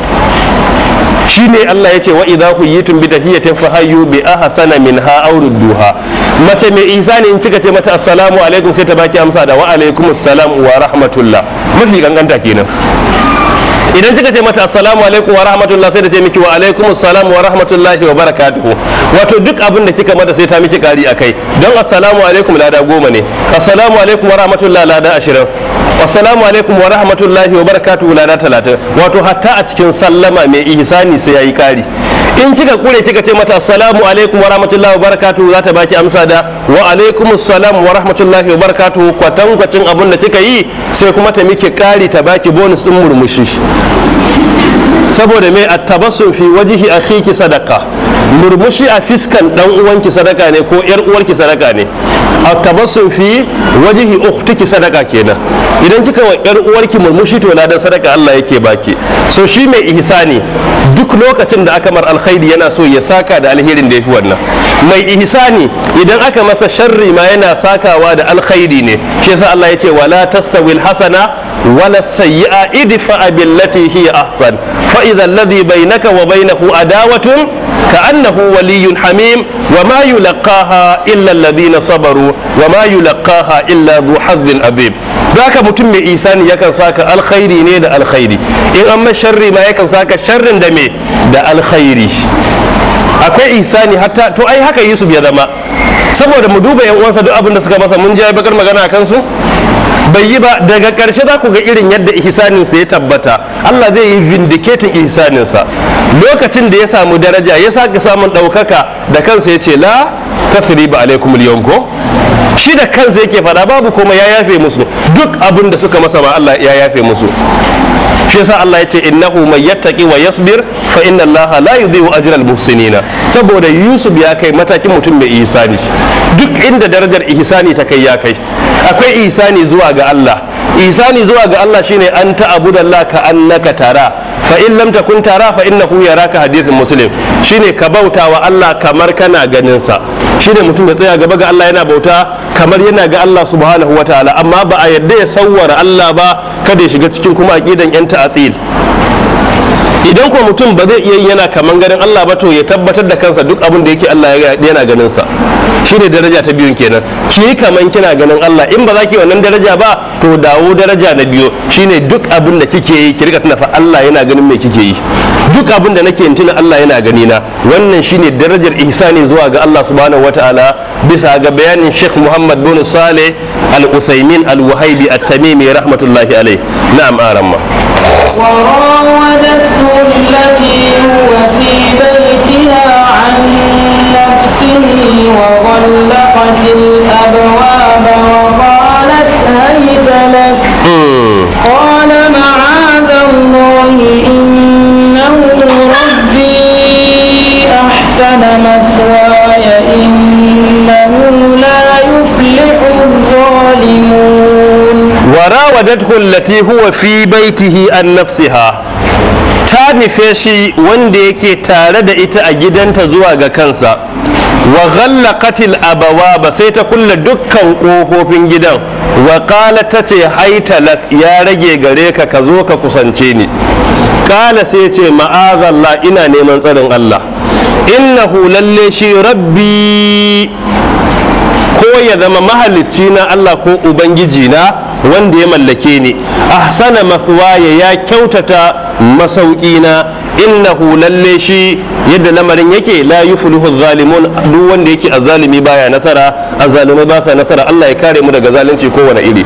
shine Allah ya ce wa idza huyitum bi tahiyatin fahayyu bi ahsana minha aw rudduha mace mai ne in kika ce mata assalamu alaikum sai ta baki amsa da wa alaikum assalam wa rahmatullah mafi ganganta kenan idan kika ce mata assalamu alaikum wa rahmatullah sai da ce miki wa alaikum assalamu wa rahmatullahi wa barakatuhu wato duk abin da kika mata sai ta miki kari akai don assalamu alaikum lada goma ne assalamu alaikum wa rahmatullahi lada ashirin assalamu alaikum wa rahmatullahi wa barakatuhu lada talatin wato hatta a cikin sallama mai ihsani sai yayi kari in kika kure kika ce mata assalamu alaikum wa rahmatullahi wa barakatuhu za ta baki amsa da wa alaikum assalamu wa rahmatullahi wa barakatuhu kwatankwacin abin da kika yi sai kuma ta miki kari ta baki bonus din murmushi saboda mai attabassum fi wajihi akhiki sadaka murmushi a fiskan dan uwanki sadaka ne ko yar uwarki sadaka ne attabassum fi wajihi ukhtiki sadaka kenan idan kika wa yar uwarki murmushi to ladan sadaka Allah yake baki so shi mai ihsani duk lokacin da aka mar alkhairi yana so ya saka da alherin da yafi wannan mai ihsani idan aka masa sharri ma yana sakawa da alkhairi ne shi yasa Allah ya ce wala tastawil hasana wala idifa idfa billati hiya ahsan fa idha alladhi bainaka wa bainahu adawatun ka'annahu waliyyun hamim wa ma yulqaha illa alladhina sabaru wa ma yulqaha illa dhu abib zaka mutum mai isani yakan saka alkhairi ne da alkhairi in amma sharri ma yakan saka sharrin da me da alkhairi akwai isani hatta to ai haka yusuf ya zama saboda mu duba yan uwansa duk abinda suka masa mun ji bakar magana kan su bai yi ba daga karshe za ku ga irin yadda ihsaninsa ya tabbata Allah zai yi vindicating ihsaninsa lokacin da ya samu daraja ya sake samun ɗaukaka da kansa ya ce la kafiri ba alaikum yawm ko shi da kansa yake faɗa babu kuma ya yafe musu duk abin da suka masa ba Allah ya yafe musu shi yasa Allah ya ce innahu may yattaqi wa yasbir fa inna Allah la yudhi'u ajral muhsinina saboda Yusuf ya kai matakin mutum mai ihsani duk inda darajar ihsani ta kai ya kai akwai ihsani zuwa ga Allah isani zuwa ga Allah shine an ta'budu Allah ka annaka tara fa in lam takun tara fa innahu yaraka hadithin muslim shine ka bauta wa Allah kamar kana ganin sa shine mutum da tsaya gaba ga Allah yana bauta kamar yana ga Allah subhanahu wataala amma ba a yadda ya sawwara Allah ba kada ya shiga cikin kuma aqidan yan ta'til idan ko mutum ba zai iya yana kaman ganin Allah ba to ya tabbatar da kansa duk abin da yake Allah yana ganin sa shine daraja ta biyun kenan ki yi kaman kina ganin Allah in ba za ki wannan daraja ba to dawo daraja na biyu shine duk abin da kike yi ki rika tuna fa Allah yana ganin me kike yi duk abin da nake tuna Allah yana gani na wannan shine darajar ihsani zuwa ga Allah subhanahu wataala bisa ga bayanin Sheikh Muhammad bin Saleh Al-Usaimin Al-Wahibi At-Tamimi rahmatullahi alayh na'am aramma وراودته التي هو في بيتها عن نفسه وغلقت الأبواب وقالت هيت لك قال معاذ الله إنه ربي أحسن rawadathu lati huwa fi baitihi an nafsiha ta nufe shi wanda yake tare da ita a gidanta zuwa ga kansa wa ghallaqatil ba sai ta kulle dukkan kofofin gidan wa ta ce haita ya rage gare ka ka zo ka kusance ni qala sai ce ma'azalla ina neman tsarin Allah innahu lalle shi rabbi ko ya zama mahalicci na Allah ko ubangiji na wanda ya mallake ni ahsana mathwaya ya kyautata masauƙina innahu lalle shi yadda lamarin yake la yuflihu zalimun duk wanda yake azzalimi baya nasara azzalumai ba sa nasara Allah ya kare mu daga zalunci kowane iri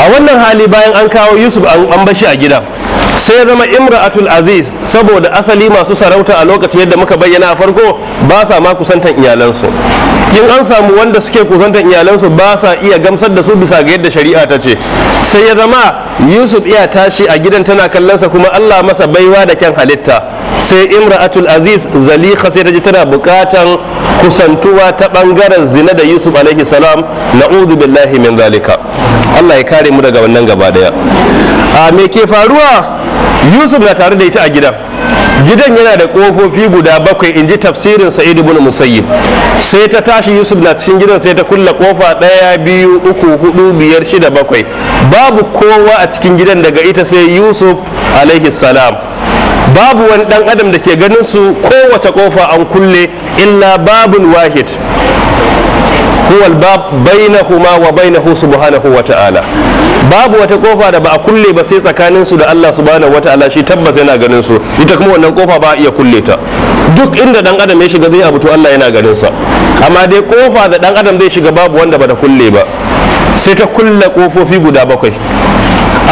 a wannan hali bayan an kawo Yusuf an bashi a gida sai zama imra'atul aziz saboda asali masu sarauta a lokacin yadda muka bayyana a farko ba sa ma kusantan iyalansu in an samu wanda suke kusantar iyalansu ba sa iya gamsar da su bisa ga yadda shari'a ta ce sai ya zama yusuf iya tashi a gidan tana kallonsa kuma allah masa baiwa da kyan halitta sai imra'atul aziz zaliha sai ta ji tana bukatan kusantuwa ta bangaren zina da yusuf alaihi salam na'udhu billahi min zalika allah ya kare mu daga wannan gaba daya a me ke faruwa yusuf na tare da ita a gidan gidan yana da kofofi guda bakwai in ji tafsirin sa'id ibn musayyib sai ta tashi yusuf na cikin gidan sai ta kulle kofa ɗaya biyu uku hudu biyar shida bakwai babu kowa a cikin gidan daga ita sai yusuf alaihi salam babu wani dan adam da ke ganin su kowace kofa an kulle illa babul wahid huwa albab bainahuma wa bainahu subhanahu wa ta'ala babu wata kofa da ba a kulle ba sai tsakanin su da Allah subhanahu wa ta'ala shi tabbas yana ganin su ita kuma wannan kofa ba a iya kulle ta duk inda dan adam ya shiga zai abu to Allah yana ganin sa amma dai kofa da dan adam zai shiga babu wanda ba kulle ba sai ta kulle kofofi guda bakwai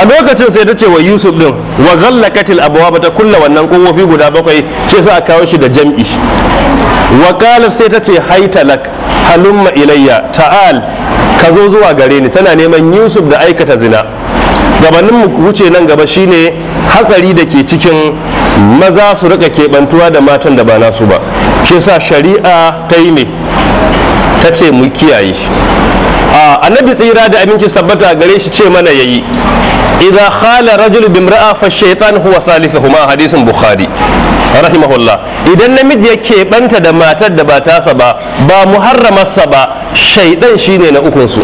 a lokacin sai ta ce wa yusuf din wa ghallakatil abwaba ta kulla wannan kofofi guda bakwai sai sa a kawo shi da jam'i wakalar sai ta ce haitalak halumma ilayya ta'al ka zo zuwa gare ni tana neman yusuf da aikata zina gabanin mu wuce nan gaba shine hatsari da ke cikin maza su rika keɓantuwa da matan da ba nasu ba shi sa shari'a ta yi ne ta ce mu kiyaye annabi tsira da abinci sabbata gare shi ce mana ya yi idan khala rajul bimra'a fa shaitan huwa huma hadisin bukhari rahimahullah idan namiji yake keɓanta da matar da ba tasa ba ba muharramarsa ba shaidan shine na ukunsu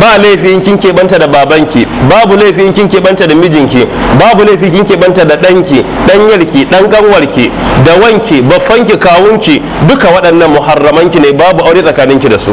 ba laifin kin keɓanta da babanki babu laifin kin keɓanta da mijinki babu laifin kin keɓanta da ɗanki ɗanyarki ɗan ƙanwarki da wanki baffanki kawunki duka waɗannan muharramanki ne babu aure tsakaninki da su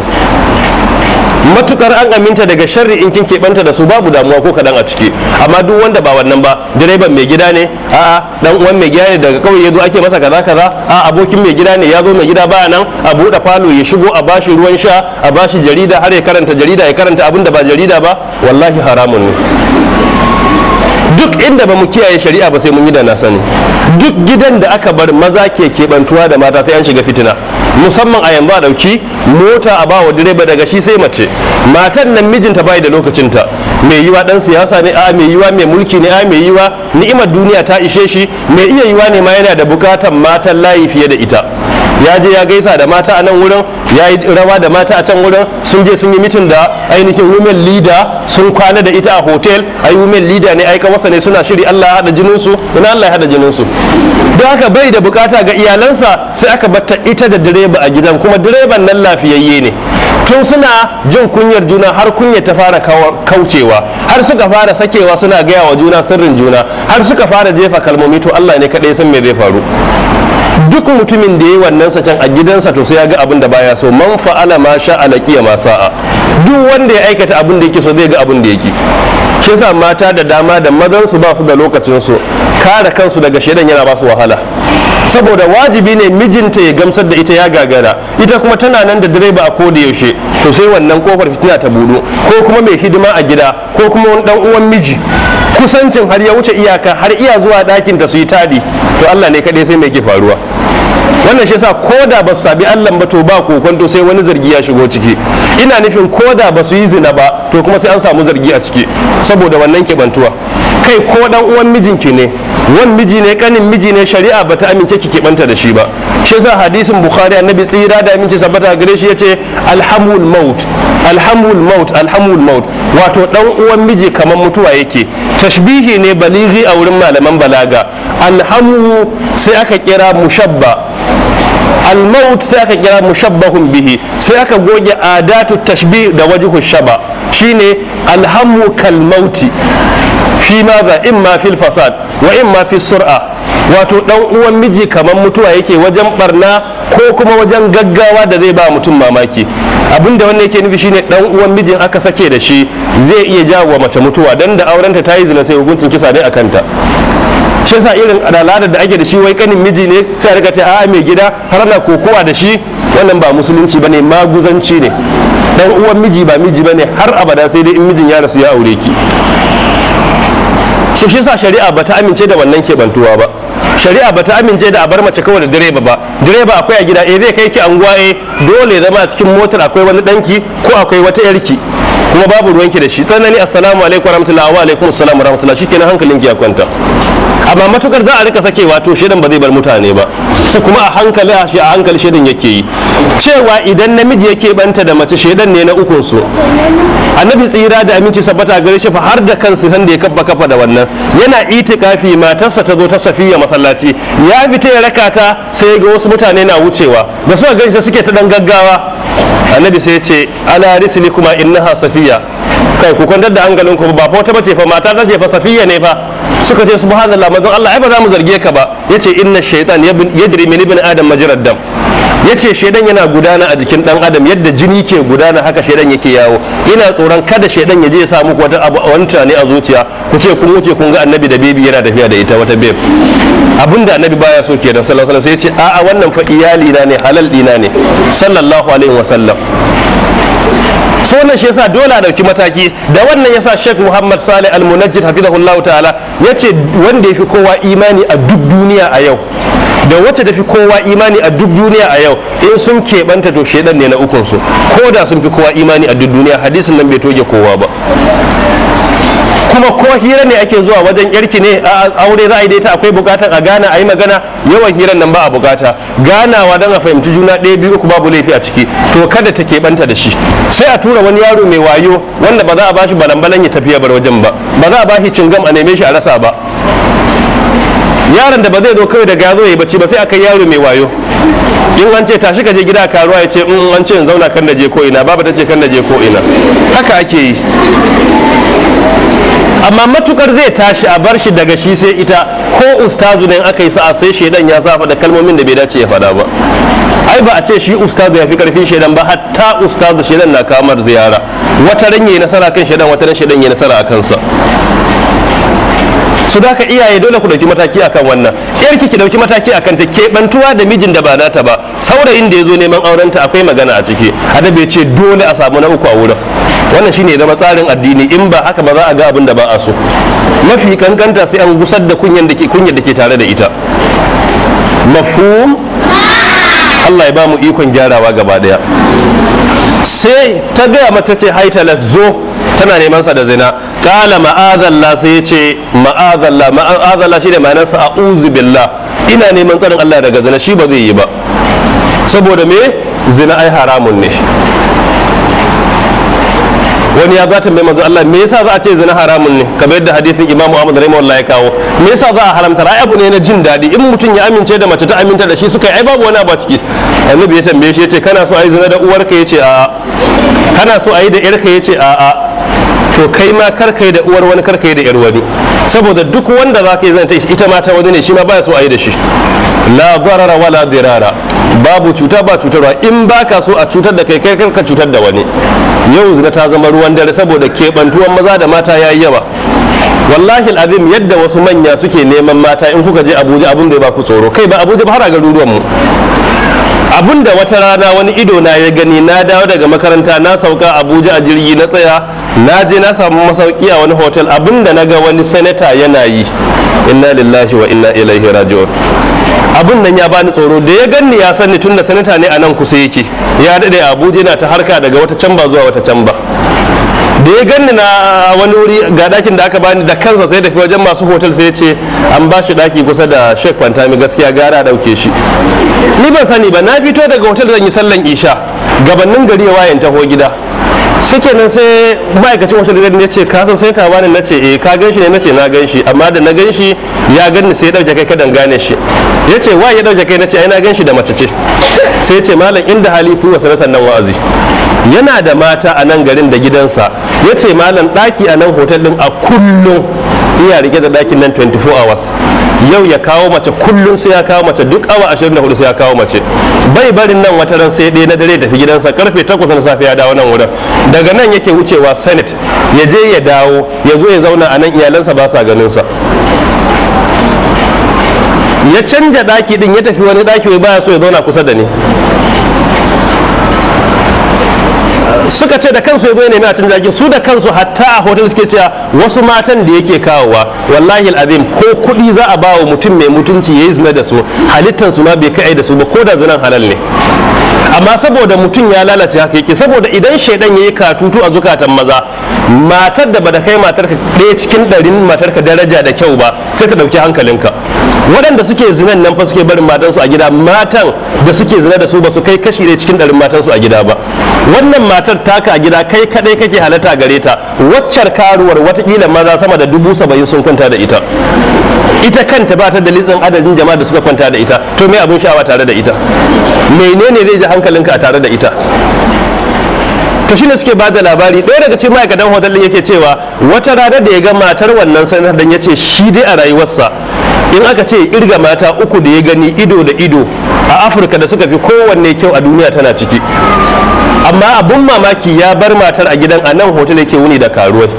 matukar an aminta daga sharri in kin keɓanta da su babu damuwa ko kaɗan a ciki amma duk wanda ba wannan ba direban mai gida ne a dan uwan mai gida ne daga kawai ya zo ake masa kaza kaza a abokin mai gida ne ya zo mai gida ba nan a buɗe falo ya shigo a bashi ruwan sha a bashi jarida har ya karanta jarida ya karanta abin da ba jarida ba wallahi haramun ne duk inda ba mu kiyaye shari'a ba sai mun yi da na sani duk gidan da aka bar maza ke keɓantuwa da mata sai an shiga fitina musamman a yanzu a dauki mota a bawa direba daga shi sai mace matan nan mijinta bai da lokacinta mai yiwa dan siyasa ne a mai yiwa mai mulki ne a mai yiwa ni'imar duniya ta ishe shi mai iya yiwa ne ma yana da bukatan matan layi fiye da ita ya je ya gaisa da mata a nan wurin ya yi rawa da mata a can wurin sun je sun yi mitin da ainihin women leader sun kwana da ita a hotel ai women leader ne aika masa ne suna shiri Allah ya hada jinin su ina Allah ya hada jinin su don haka bai da bukata ga iyalansa sai aka batta ita da direba a gidan kuma direban nan lafiyayye ne tun suna jin kunyar juna har kunya ta fara kaucewa har suka fara sakewa suna gaya wa juna sirrin juna har suka fara jefa kalmomi to Allah ne kadai san me zai faru duk mutumin da ya yi wannan saken a gidansa to sai ya ga abin da baya so man fa'ala ma sha'ala ma sa'a duk wanda ya aikata abin da yake so zai ga abin da yake shi yasa mata da dama da mazan su ba su da lokacin su kare kansu daga shedan yana ba su wahala saboda wajibi ne mijinta ya gamsar da ita ya gagara ita kuma tana nan da direba a koda yaushe to sai wannan kofar fitina ta budu ko kuma mai hidima a gida ko kuma wani dan uwan miji kusancin har ya wuce iyaka har iya zuwa ɗakin ta su yi taɗi to Allah ne kaɗai sai mai ke faruwa wannan shi yasa da ba su sabi Allah ba to ba kokonto sai wani zargi ya shigo ciki ina nufin koda ba su yi zina ba to kuma sai an samu zargi a ciki saboda wannan kebantuwa kai ko dan uwan mijinki ne wan miji ne kanin miji ne shari'a bata amince ki kebanta da shi ba shi yasa hadisin bukhari annabi tsira da amince sabata gare shi yace alhamul maut alhamul maut alhamul maut wato dan uwan miji kamar mutuwa yake tashbihi ne balighi a wurin malaman balaga alhamu sai aka kira mushabba al sai aka kira mushabbahun bihi sai aka goge adatu tashbih da wajhu shaba shine alhamu kal mauti fi ma ba imma wa fi sur'a wato dan uwan miji kamar mutuwa yake wajen barna ko kuma wajen gaggawa da zai ba mutum mamaki abinda wannan yake nufi shine dan uwan mijin aka sake da shi zai iya jawo mace mutuwa dan da aurenta ta yi zina sai hukuncin kisa ne a kanta shi yasa irin al'adar da ake da shi wai kanin miji ne sai rika ce a'a mai gida har na kokowa da shi wannan ba musulunci bane maguzanci ne dan uwan miji ba miji bane har abada sai dai in mijin ya rasu ya aure ki so shi yasa shari'a ba ta amince da wannan bantuwa ba shari'a ba ta amince da a bar mace kawai da direba ba direba akwai a gida eh zai kai ki anguwa eh dole zama a cikin motar akwai wani danki ko akwai wata yarki kuma babu ruwanki da shi tsanani assalamu alaikum warahmatullahi wa alaikum assalam warahmatullahi shikenan hankalinki ya kwanta amma matukar za a rika sakewa to shedan ba zai bar mutane ba sai kuma a hankali a a hankali shedan yake yi cewa idan namiji yake banta da mace shedan ne na ukun su annabi tsira da aminci sabbata gare shi fa har da kansu san da ya kabba kafa da wannan yana itikafi matarsa ta zo ta safiya masallaci ya fita ya raka ta sai ga wasu mutane na wucewa da suka gani suke ta dan gaggawa annabi sai ya ce ala risli kuma innaha safiya kai ku kwantar da angalinku ba fa wata bace fa mata ta ce fa safiya ne fa suka ce subhanallah manzon Allah ai ba za mu zarge ka ba yace inna shaytan yadri min ibn adam majrad dam ya ce shaidan yana gudana a jikin dan adam yadda jini ke gudana haka shaidan yake yawo ina tsoron kada shaidan ya je ya sa muku wata abu wani a zuciya ku ce kun wuce kun ga annabi da bebi yana tafiya da ita wata beb abinda annabi baya so kenan sallallahu alaihi wasallam sai ya ce a'a wannan fa iyali na ne halal dina ne sallallahu alaihi wasallam so wannan shi yasa dole a dauki mataki da wannan yasa Sheikh Muhammad Saleh Al-Munajjid hafizahullahu ta'ala ce wanda ya fi kowa imani a duk duniya a yau da wacce tafi kowa imani a duk duniya a yau in sun keɓanta to shaidan ne na ukunsu ko da sun fi kowa imani a duk duniya hadisin nan bai toge kowa ba kuma ko hira ne ake zuwa wajen yarki ne a aure za a yi ta akwai bukatar a gana a yi magana yawan hiran nan ba a bukata ganawa don a fahimci juna ɗaya biyu uku babu laifi a ciki to kada ta keɓanta da shi sai a tura wani yaro mai wayo wanda ba za a bashi balan-balan ya tafiya bar wajen ba ba za a bashi cingam a neme shi a rasa ba yaron da ba zai zo kawai daga ya zo ya bacci ba sai aka yaro mai wayo in an ce tashi ka je gida karuwa ya ce in mm, an ce zauna kan da je ko ina baba ta ce kan da je ko ina haka ake yi amma matukar zai tashi a bar shi daga shi sai ita ko ustazu ne aka yi sa'a sai shedan ya sa da kalmomin da bai dace ya faɗa ba ai ba a ce shi ustazu ya fi karfin shedan ba hatta ustazu shedan na kamar ziyara wata ran yayi nasara kan shedan wata ran shedan yayi nasara a kansa su da ka iyaye dole ku dauki mataki akan wannan yar ki dauki mataki akan ta keɓantuwa da mijin da ba nata ba saurayin da ya zo neman aurenta akwai magana a ciki adabi ce dole a samu na uku a wurin wannan shine zama tsarin addini in ba haka ba za a ga abin da ba a so mafi kankanta sai an gusar da kunyan da ke kunyar da ke tare da ita mafhum Allah ya ba mu ikon gyarawa gaba daya sai ta gaya mata ce haitalat zo tana neman sa da zina kala ma'azalla sai ya ce ma'azalla ma'azalla shi da ma'anarsa a uzu billah ina neman tsarin Allah daga zina shi ba zai yi ba saboda me zina ai haramun ne wani ya bata mai manzo Allah me yasa za a ce zina haramun ne kamar yadda hadisin Imam Ahmad rahimahullah ya kawo me yasa za a haramta ai abu ne na jin daɗi in mutum ya amince da mace ta aminta da shi suka yi ai babu wani ba ciki annabi ya tambaye shi yace kana so ai zina da uwarka yace a'a kana so ai da yarka yace a'a to kai ma kar kai da uwar wani kar kai da yar wani saboda duk wanda za ka yi zanta ita ma ta wani ne shi ma baya so a yi da shi la darara wala dirara babu cuta ba cutarwa in ba ka so a cutar da kai kai ka cutar da wani yau zina ta zama ruwan dare saboda keɓantuwan maza da mata ya yi yawa wallahi azim yadda wasu manya suke neman mata in kuka je abuja abun da ya baku tsoro kai ba abuja ba har a garuruwan mu abun da wata rana wani ido na ya gani na dawo daga makaranta na sauka abuja a jirgi na tsaya na je na samu masauki a wani hotel abun da na ga wani senata yana yi inna lillahi wa inna ilaihi raji'un abun nan ya bani tsoro da ya ganni ya sanni tun da sanata ne a nan kusa yake ya daɗe abuja yana ta harka daga wata ba zuwa wata camba da ya ganni na wani wuri ga dakin da aka bani da kansa sai tafi wajen masu hotel sai ce an ba shi daki kusa da shek fantami gaskiya gara dauke shi ni ban sani ba na fito daga hotel zan yi sallan isha gabanin gari ya wayan taho gida nan sai ma'aikacin wata da ya ce kasan sai ta wani na ce eh ka gan shi ne na ce na gan shi amma da na gan shi ya gan ni sai ya dauke kai kadan gane shi ya ce wa ya dauke kai na ce ai na gan shi da mace ce sai ya ce malam inda hali fi wasu sanatan nan wa'azi yana da mata a nan garin da gidansa ya ce malam daki a nan hotel din a kullum iya rike da ɗakin nan 24 hours yau ya kawo mace kullum sai ya kawo mace duk awa 24 sai ya kawo mace bai barin nan wata ran sai ɗaya na dare tafi gidansa karfe 8 na safe ya dawo nan wurin daga nan yake wucewa senate ya je ya dawo ya zo ya zauna a nan iyalansa ba sa ganin sa ya canja daki din ya tafi wani daki wai baya so ya zauna kusa da ni suka ce da kansu ya zo ya nemi a canja jirgin su da kansu hatta a hotel suke cewa wasu matan da yake kawowa wallahi al'azim ko kuɗi za a ba wa mutum mai mutunci ya yi zina da su halittansu ma bai kai da su ba ko da zinan halal ne amma saboda mutum ya lalace haka yake saboda idan shaidan ya yi katutu a zukatan maza matar da bada kai matar ka ɗaya cikin ɗarin matar ka daraja da kyau ba sai ta ɗauki hankalinka waɗanda suke zinan nan fa suke barin matansu a gida matan da suke zina da su ba su kai kashi ɗaya cikin ɗarin matansu a gida ba wannan matar taka a gida kai kaɗai kake halatta gare ta waccar karuwar watakila maza sama da dubu saba'in sun kwanta da ita ita kanta ba ta da adadin jama'a da suka kwanta da ita to me abin sha'awa tare da ita menene zai hankalinka a tare da ita to shine suke ba da labari ɗaya daga cikin ma'aikatan hotel yake cewa wata rana da ya ga matar wannan sanar dan ya ce shi dai a rayuwarsa in aka ce irga mata uku da ya gani ido da ido a afirka da suka fi kowanne kyau a duniya tana ciki amma abun mamaki ya bar matar a gidan a nan hotel yake wuni da karuwai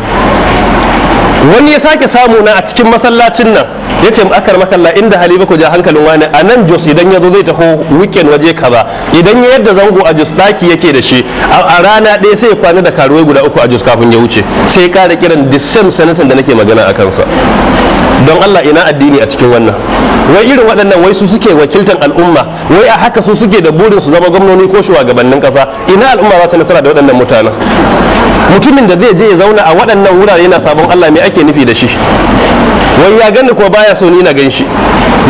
wani ya sake samu na a cikin masallacin nan ya ce akar makalla inda halima ku ja hankalin wani a nan jos idan ya zo zai taho wiken waje kaza idan ya yadda zango a jos daki yake da shi a rana ɗaya sai ya kwana da karuwai guda uku a jos kafin ya wuce sai ya kara kiran the same sanatan da nake magana a kansa don Allah ina addini a cikin wannan wai irin waɗannan wai su suke wakiltan al'umma wai a haka su suke da burin su zama gwamnoni ko shugabannin kasa ina al'umma za ta nasara da waɗannan mutanen mutumin da zai je ya zauna a waɗannan wurare yana sabon Allah mai ake nufi da shi wai ya ganni ko baya so ni na gan shi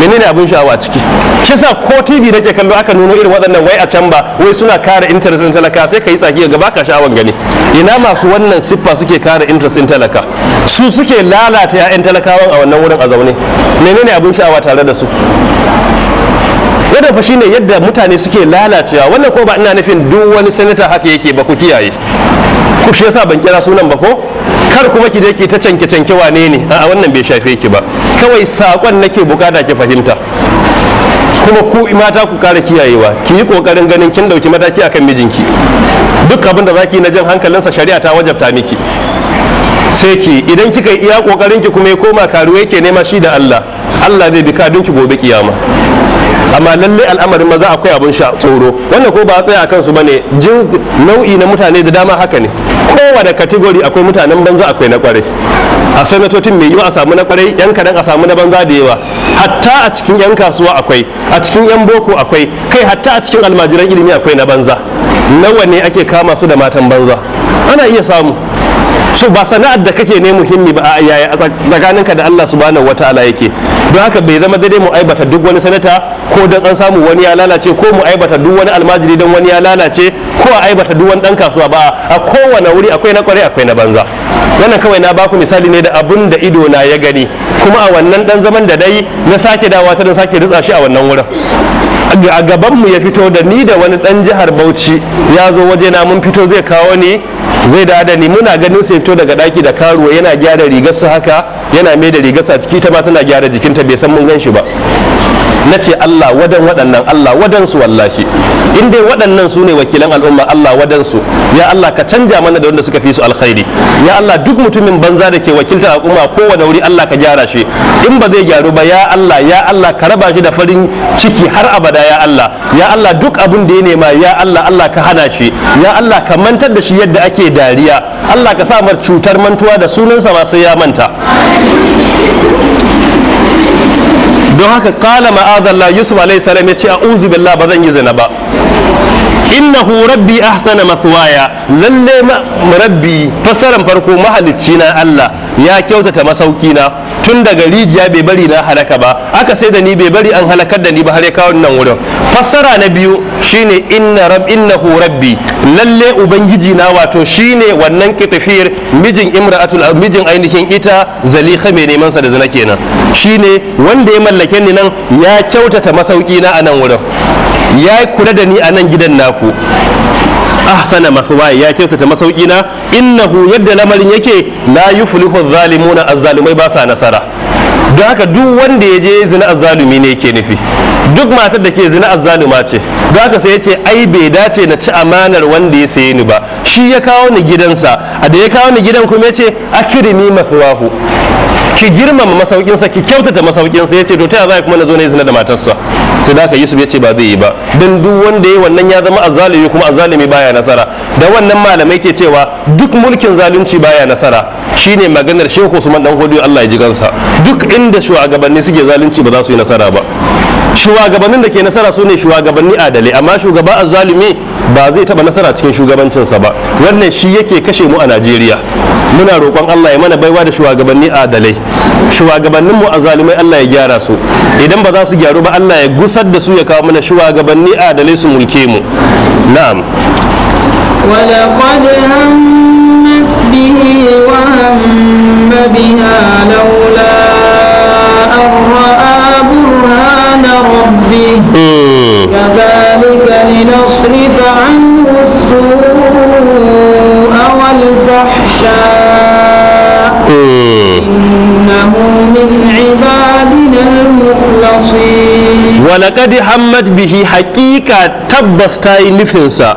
menene abin sha'awa ciki shi sa ko tv da ke kallo aka nuno irin waɗannan wai a can ba wai suna kare interest din talaka sai ka yi tsaki ga baka sha'awan gani ina masu wannan siffa suke kare interest din talaka su suke lalata 'ya'yan talakawan a wannan wurin a zaune menene abin sha'awa tare da su Yadda fa ne yadda mutane suke lalacewa wannan ko ba ina nufin duk wani sanata haka yake ba ku kiyaye ku shi yasa ban kira sunan ba ko kar kuma ki je ki ta canke canke wane ne a wannan bai shafe ki ba kawai sakon nake bukata ki fahimta kuma ku mata ku kare kiyayewa ki yi kokarin ganin kin dauki mataki akan mijinki duk abin da zaki na jan hankalinsa shari'a ta wajabta miki sai ki idan kika yi iya kokarin ki kuma ya koma karuwa yake nema shi da Allah Allah zai bi kadin ki gobe kiyama amma lalle al'amarin maza akwai abin sha tsoro wannan ko ba a tsaya kansu su bane jin nau'i na mutane da dama haka ne Kowa da kategori akwai mutanen banza akwai na kwarai a sanatocin mai yiwa a samu na kwarai yan kadan a samu na banza da yawa hatta a cikin yan kasuwa akwai a cikin yan boko akwai kai hatta a cikin almajiran ilimi akwai na banza nawa ne ake kama su da matan banza ana iya samu so ba sana'ar da kake ne muhimmi ba a yaya tsakaninka da Allah subhanahu wataala yake don haka bai zama daidai mu aibata duk wani sanata ko don an samu wani ya lalace ko mu aibata duk wani almajiri don wani ya lalace ko a aibata duk wani dan kasuwa ba a kowane wuri akwai na kware akwai na banza wannan kawai na baku misali ne da abun da ido na ya gani kuma a wannan dan zaman da dai na sake dawa ta sake ritsa shi a wannan wurin a gaban mu ya fito da ni da wani dan jihar Bauchi ya zo waje na mun fito zai kawo ni zai da ni muna ganin sai fito daga daki da karuwa yana gyara rigar su haka yana mai da rigarsa ciki ta ba tana gyara jikinta bai san mun gan shi ba na ce Allah wadan waɗannan Allah wadansu wallahi in dai waɗannan su ne wakilan al'umma Allah wadansu ya Allah ka canja mana da wanda suka fi su alkhairi ya Allah duk mutumin banza da ke wakilta al'umma kowane wuri Allah ka gyara shi in ba zai gyaru ba ya Allah ya Allah ka raba shi da farin ciki har abada ya Allah ya Allah duk abin da ya nema ya Allah Allah ka hana shi ya Allah ka mantar da shi yadda ake dariya Allah ka sa mar cutar mantuwa da sunansa ba sai ya manta don haka kala ma'azallah yusuf alaihi salam ya ce a uzu billah ba zan yi zina ba innahu rabbi ahsana maswaya lalle rabbi fasaran farko mahalicci na Allah ya kyautata masauki na tun daga rijiya bai bari na halaka ba aka sai da ni bai bari an halakar da ni ba har ya kawo nan wurin fasara na biyu shine inna rab innahu rabbi lalle ubangiji na wato shine wannan kitafir mijin imra'atul mijin ainihin ita zaliha mai neman sa da zina kenan shine wanda ya mallake ni nan ya kyautata masauki na a nan wurin ya kula da ni a nan gidan naku ahsana maswaya ya kyautata masauki na innahu yadda lamarin yake la yuflihu zalimuna azzalumai ba sa nasara don haka duk wanda ya je zina azzalumi ne ke nufi duk matar da ke zina azzaluma ce don haka sai ya ce ai bai dace na ci amanar wanda ya saye ni ba shi ya kawo ni gidansa a da ya kawo ni gidan kuma ya ce masu wahu. ki girmama masaukinsa ki kyautata masaukinsa ya ce to ta zai kuma na zo na yi zina da matarsa sai da aka yusuf ya ce ba zai yi ba don duk wanda ya wannan ya zama azzalimi kuma azzalimi baya nasara da wannan malamai ke cewa duk mulkin zalunci baya nasara shine maganar shehu usman dan hodiyo Allah ya ji gansa duk inda shugabanni suke zalunci ba za su yi nasara ba shugabannin da ke nasara su ne shugabanni adalai amma shugaba azzalumi ba zai taba nasara cikin shugabancinsa ba wannan shi yake kashe mu a najeriya muna roƙon allah ya mana baiwa da shugabanni adalai shugabannin mu zalumai allah ya gyara su idan ba za su gyaru ba allah ya gusar da su ya kawo mana shugabanni adalai su mulke mu na'am ولقد همت سبحان ربه كذلك لنصرف عنه السوء والفحشاء إنه من عبادنا المخلصين ولقد همت به حقيقة تبس تاي نفنسا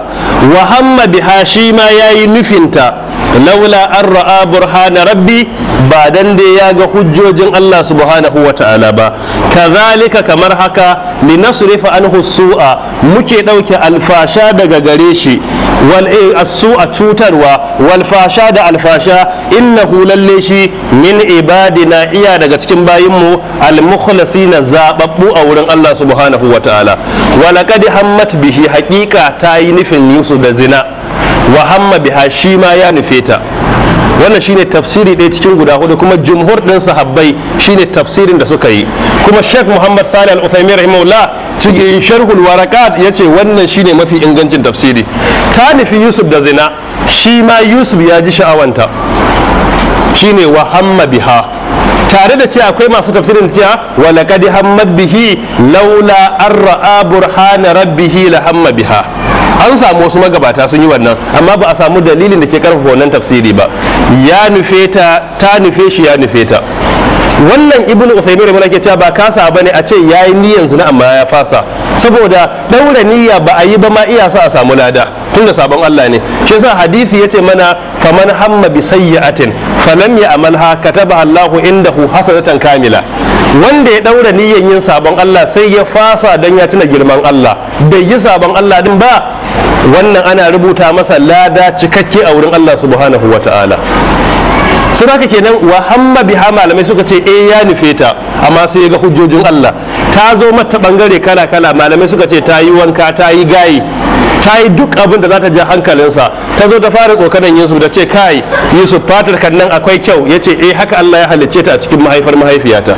وهم بها شيما ياي نفنتا laula an ra'a burhana rabbi ba dan da ya ga hujjojin Allah subhanahu wa ta'ala ba kazalika kamar haka nasrifa anhu su'a muke dauke alfasha daga gare shi wal eh, su'a cutarwa wal fasha da alfasha innahu lalle shi min ibadina iya daga cikin bayinmu al mukhlasina zababbu a wurin Allah subhanahu wa ta'ala wa laqad hammat bihi haqiqa ta nufin Yusuf da zina wa hamma biha shi ma ya nufe ta wannan shine tafsiri ɗaya cikin guda hudu kuma jumhur ɗin sahabbai shine tafsirin da suka yi kuma sheikh muhammad Sani al-uthaymin rahimahullah cikin sharhul warakat yace wannan shine mafi ingancin tafsiri ta nufi yusuf da zina shi ma yusuf ya ji sha'awanta shine wa hamma biha tare da ce akwai masu tafsirin cewa wa laqad hamma bihi laula an ra'a burhana rabbihi la hamma biha an samu wasu magabata sun yi wannan amma ba a samu dalilin da ke karfafa wannan tafsiri ba ya nufe ta ta nufe shi ya nufe ta wannan ibn usaimin rahimahu ke cewa ba kasa bane a ce yayi niyyan zina amma ya fasa saboda daura niyya ba a yi ba ma iya sa a samu lada tun da sabon Allah ne shi yasa hadisi ce mana faman hamma bi sayyi'atin falam ya'malha kataba Allahu indahu hasanatan kamila wanda ya daura niyyan yin sabon Allah sai ya fasa dan ya tuna girman Allah bai yi sabon Allah din ba wannan ana rubuta masa lada cikakke a wurin Allah subhanahu wa ta'ala sun ke nan wa hamma ha malamai suka ce eh ya nufe ta amma sai ya ga hujjojin Allah ta zo mata bangare kala kala malamai suka ce ta yi wanka ta yi gayi ta yi duk abin da za ta je hankalinsa ta zo da fara tsokanan yusuf da ce kai yusuf fatar kan nan akwai kyau ya ce eh haka allah ya halicce ta a cikin mahaifar mahaifiyata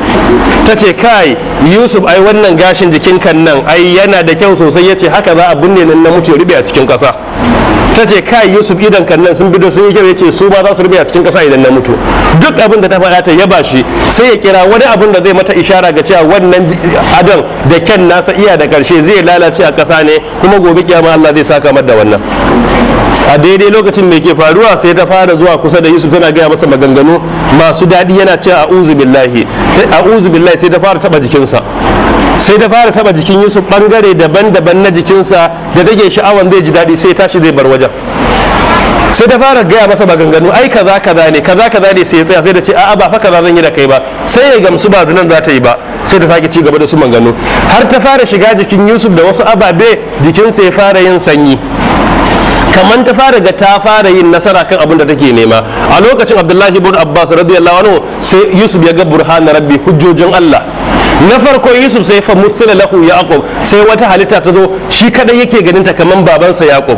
ta ce kai yusuf ai wannan gashin jikin kan nan ai yana da kyau sosai ya ce haka za a binne nan na mutu ya rube a cikin ƙasa ta ce kai yusuf idan kan nan sun bido sun yi kyau ya ce su ba za su rube a cikin ƙasa idan na mutu duk abin da ta faɗa ta yaba shi sai ya kira wani abin da zai mata ishara ga cewa wannan adon da kyan nasa iya da ƙarshe zai lalace a ƙasa ne kuma gobe kiyama allah zai saka mata da wannan a daidai lokacin mai ke faruwa sai ta fara zuwa kusa da yusuf tana gaya masa maganganu masu daɗi yana cewa a billahi billahi sai ta fara taba jikinsa sai ta fara taba jikin yusuf bangare daban-daban na jikinsa da dage sha'awan zai ji daɗi sai tashi zai bar wajen sai ta fara gaya masa maganganu ai kaza kaza ne kaza kaza ne sai ya tsaya sai da ce a'a ba fa kaza zan yi da kai ba sai ya gamsu ba zinan za ta yi ba sai ta sake ci gaba da su maganganu har ta fara shiga jikin Yusuf da wasu ababe jikin sa ya fara yin sanyi kaman ta fara ga ta fara yin nasara kan abin da take nema a lokacin Abdullahi ibn Abbas radiyallahu anhu sai Yusuf ya ga burhan rabbi hujjojin Allah na farko yusuf sai fa mutsila lahu yaqub sai wata halitta ta zo shi kadai yake ganin ta kaman babansa yaqub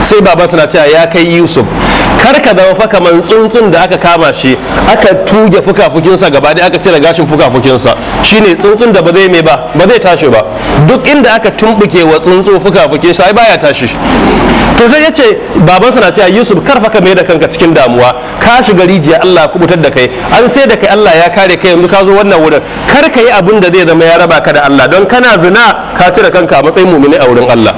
sai babansa na cewa ya kai yusuf kar ka zama fa kaman tsuntsun da aka kama shi aka tuge fukafukinsa gaba da aka cire gashin fukafukinsa shine tsuntsun da ba zai mai ba ba zai tashi ba duk inda aka tumbuke wa tsuntsu fukafukin shi ai baya tashi to sai ya ce babansa na cewa yusuf kar ka mai da kanka cikin damuwa ka shiga rijiya Allah kubutar da kai an sai da kai Allah ya kare kai yanzu ka zo wannan wurin kar ka yi abin abin da zai zama ya raba ka da Allah don kana zina ka cire kanka a matsayin mumini a wurin Allah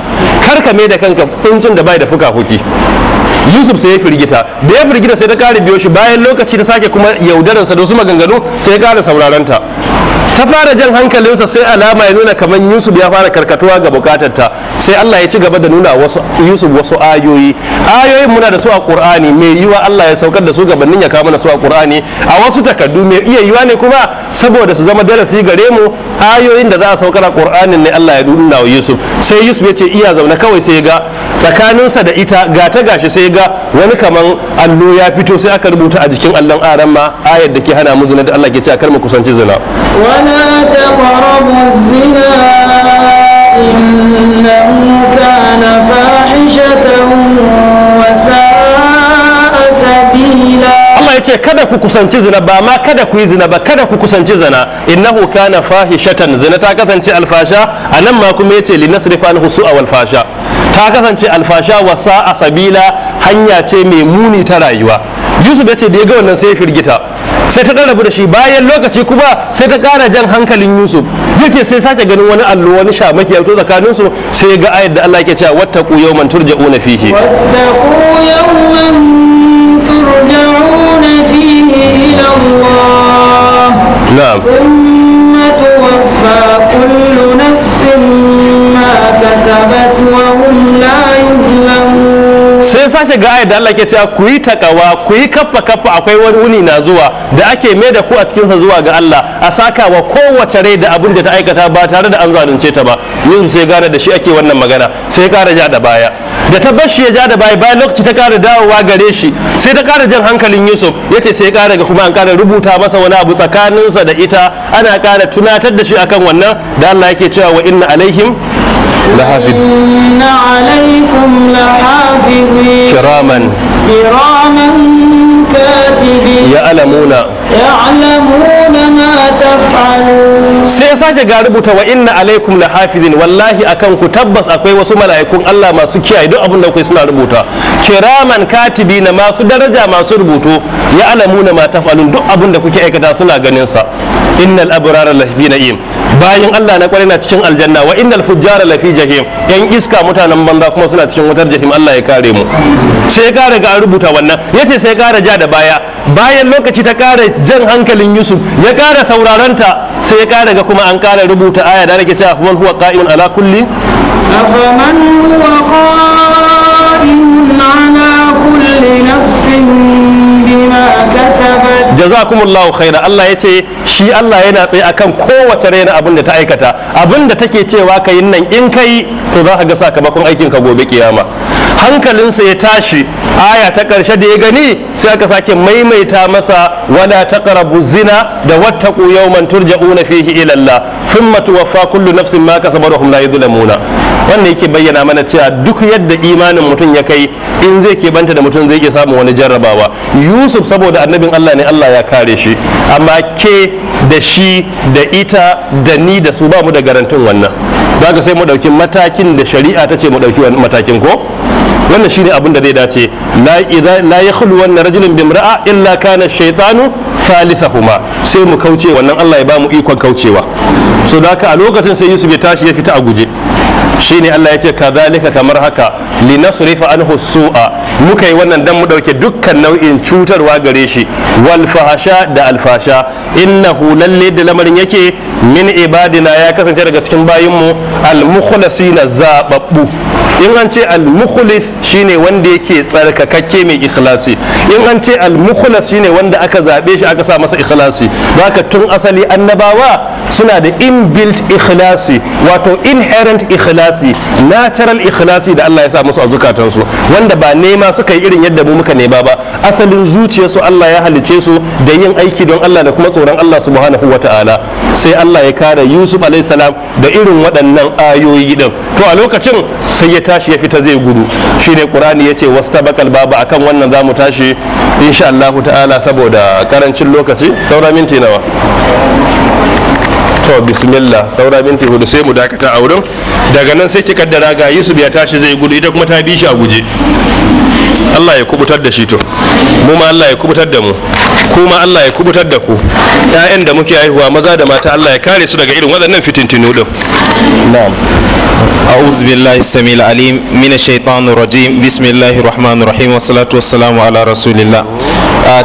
kar ka mai da kanka tsuncin da bai da fuka fuki Yusuf sai ya firgita da ya firgita sai ta kare biyo shi bayan lokaci ta sake kuma yaudaransa da wasu maganganu sai ya kare sauraron ta ta fara jan hankalinsa sai alama ya nuna kamar yusuf ya fara karkatuwa ga bukatarta sai allah ya ci gaba da nuna wasu yusuf wasu ayoyi ayoyin muna da su a qur'ani mai yiwa allah ya saukar da su gabanin ya kama da su a qur'ani a wasu takardu mai iya yiwa ne kuma saboda su zama darasi gare mu ayoyin da za a saukar a kur'anin ne allah ya nuna wa yusuf sai yusuf ya ce iya zaune kawai sai ga tsakaninsa da ita ga ta gashi sai ga wani kaman allo ya fito sai aka rubuta a jikin allon aran ma ayar da ke hana mu zina da allah ke ce a kar mu kusanci zina ولا تقربوا الزنا إنه كان فاحشة وساء سبيلا Allah ya ce kada ku kusanci zina ba ma kada ku yi zina ba kada ku kusanci zina innahu kana fahishatan zina ta kasance alfasha anan ma kuma yace linasrifa anhu su'a wal ta kasance alfasha wasa a sabila hanya ce mai muni ta rayuwa yusuf ya ce da ya ga wannan sai firgita sai ta rabu da shi bayan lokaci kuma sai ta kara jan hankalin yusuf ya ce sai sake ganin wani allo wani sha ya tsakaninsu tsakanin su sai ga ayar da allah ke cewa wata ku yau mantur ja'u na fihi na'am sai sake ga ayar da Allah ke cewa ku yi takawa ku yi kafa kaffa akwai wani wuni na zuwa da ake mai da ku a cikinsa zuwa ga Allah a saka wa kowace rai da abin da ta aikata ba tare da an zalunce ta ba yin sai gane da shi ake wannan magana sai kara ja da baya da ta bashi ya ja da baya bayan lokaci ta kara dawowa gare shi sai ta kara jan hankalin Yusuf yace sai kara ga kuma an kara rubuta masa wani abu tsakaninsa da ita ana kara tunatar da shi akan wannan da Allah yake cewa wa inna alaihim لحافظين عليكم لحافظين كراما كراما ya alamuna sai ya sake ga rubuta wa inna alaikum la hafizin wallahi akan ku tabbas akwai wasu mala'ikun Allah masu kiyaye duk abin da kai suna rubuta kiraman katibi na masu daraja masu rubutu ya alamuna ma tafalun duk abin da kuke aikata suna ganin sa innal abrara lafi na'im bayan Allah na kwarai na cikin aljanna wa innal fujjara lafi jahim yan iska mutanen banza kuma suna cikin wutar jahim Allah ya kare mu sai ya kare ga rubuta wannan yace sai ya kare ja da baya bayan lokaci ta kara jan hankalin yusuf ya kara sauraronta sai ya kara ga kuma an kara rubuta aya da rage cewa faman huwa qa'imun ala kulli afaman huwa qa'imun ala kulli nafsin bima kasabat jazakumullahu khaira Allah yace shi Allah yana tsaye akan kowace raina abin da ta aikata abin da take cewa kayin nan in kai to za ka ga sakamakon aikin ka gobe kiyama hankalinsa ya tashi aya ta ƙarshe da ya gani sai aka sake maimaita masa wala taqrabu zina da wata wattaqu yawman turja'una fihi sun Allah thumma tuwaffa kullu nafsin ma kasa wa layi la muna. wannan yake bayyana mana cewa duk yadda imanin mutum ya kai in zai ke banta da mutum zai ke samun wani jarrabawa Yusuf saboda annabin Allah ne Allah ya kare shi amma ke da shi da ita da ni da su ba mu da garantin wannan za ka sai mu ɗauki matakin da shari'a ta ce mu ɗauki matakin ko wannan shine abin da zai dace la ya khulu wannan rajulin bimra'a illa kana shaitanu thalithahuma sai mu kauce wannan Allah ya bamu ikon kaucewa so da haka a lokacin sai Yusuf ya tashi ya fita a guje shine Allah ya ce kadhalika kamar haka nasrifa anhu su'a muka yi wannan dan mu dauke dukkan nau'in cutarwa gare shi wal fahasha da alfasha innahu lalle da lamarin yake min ibadina ya kasance daga cikin bayinmu al-mukhlasina zababbu in an ce al-mukhlis shine wanda yake tsarkakakke mai ikhlasi in an ce al-mukhlas shine wanda aka zabe shi aka sa masa ikhlasi ka tun asali annabawa suna da inbuilt ikhlasi wato inherent ikhlasi natural ikhlasi da Allah ya sa musu a zukatansu wanda ba nema suka yi irin yadda mu muka nema ba asalin zuciyarsu Allah ya halice su da yin aiki don Allah da kuma tsoron Allah subhanahu wataala sai Allah Allah ya kare Yusuf alaihissalam da irin waɗannan ayoyi din to a lokacin sai ya tashi ya fita zai gudu shine Qur'ani yace wastabaqal babu akan wannan zamu tashi insha Allah ta'ala saboda karancin lokaci saura minti nawa to bismillah saura minti hudu sai mu dakata a wurin daga nan sai kika dara ga Yusuf ya tashi zai gudu ita kuma ta bi shi a guje Allah ya kubutar da shi to mu ma Allah ya kubutar da mu kuma Allah ya kubutar da ku ƴaƴan da muke haihuwa maza da mata Allah ya kare su daga irin waɗannan fitintinu din na'am a'udhu billahi samil alim minash shaitanir rajim bismillahir rahmanir rahim wassalatu wassalamu ala rasulillah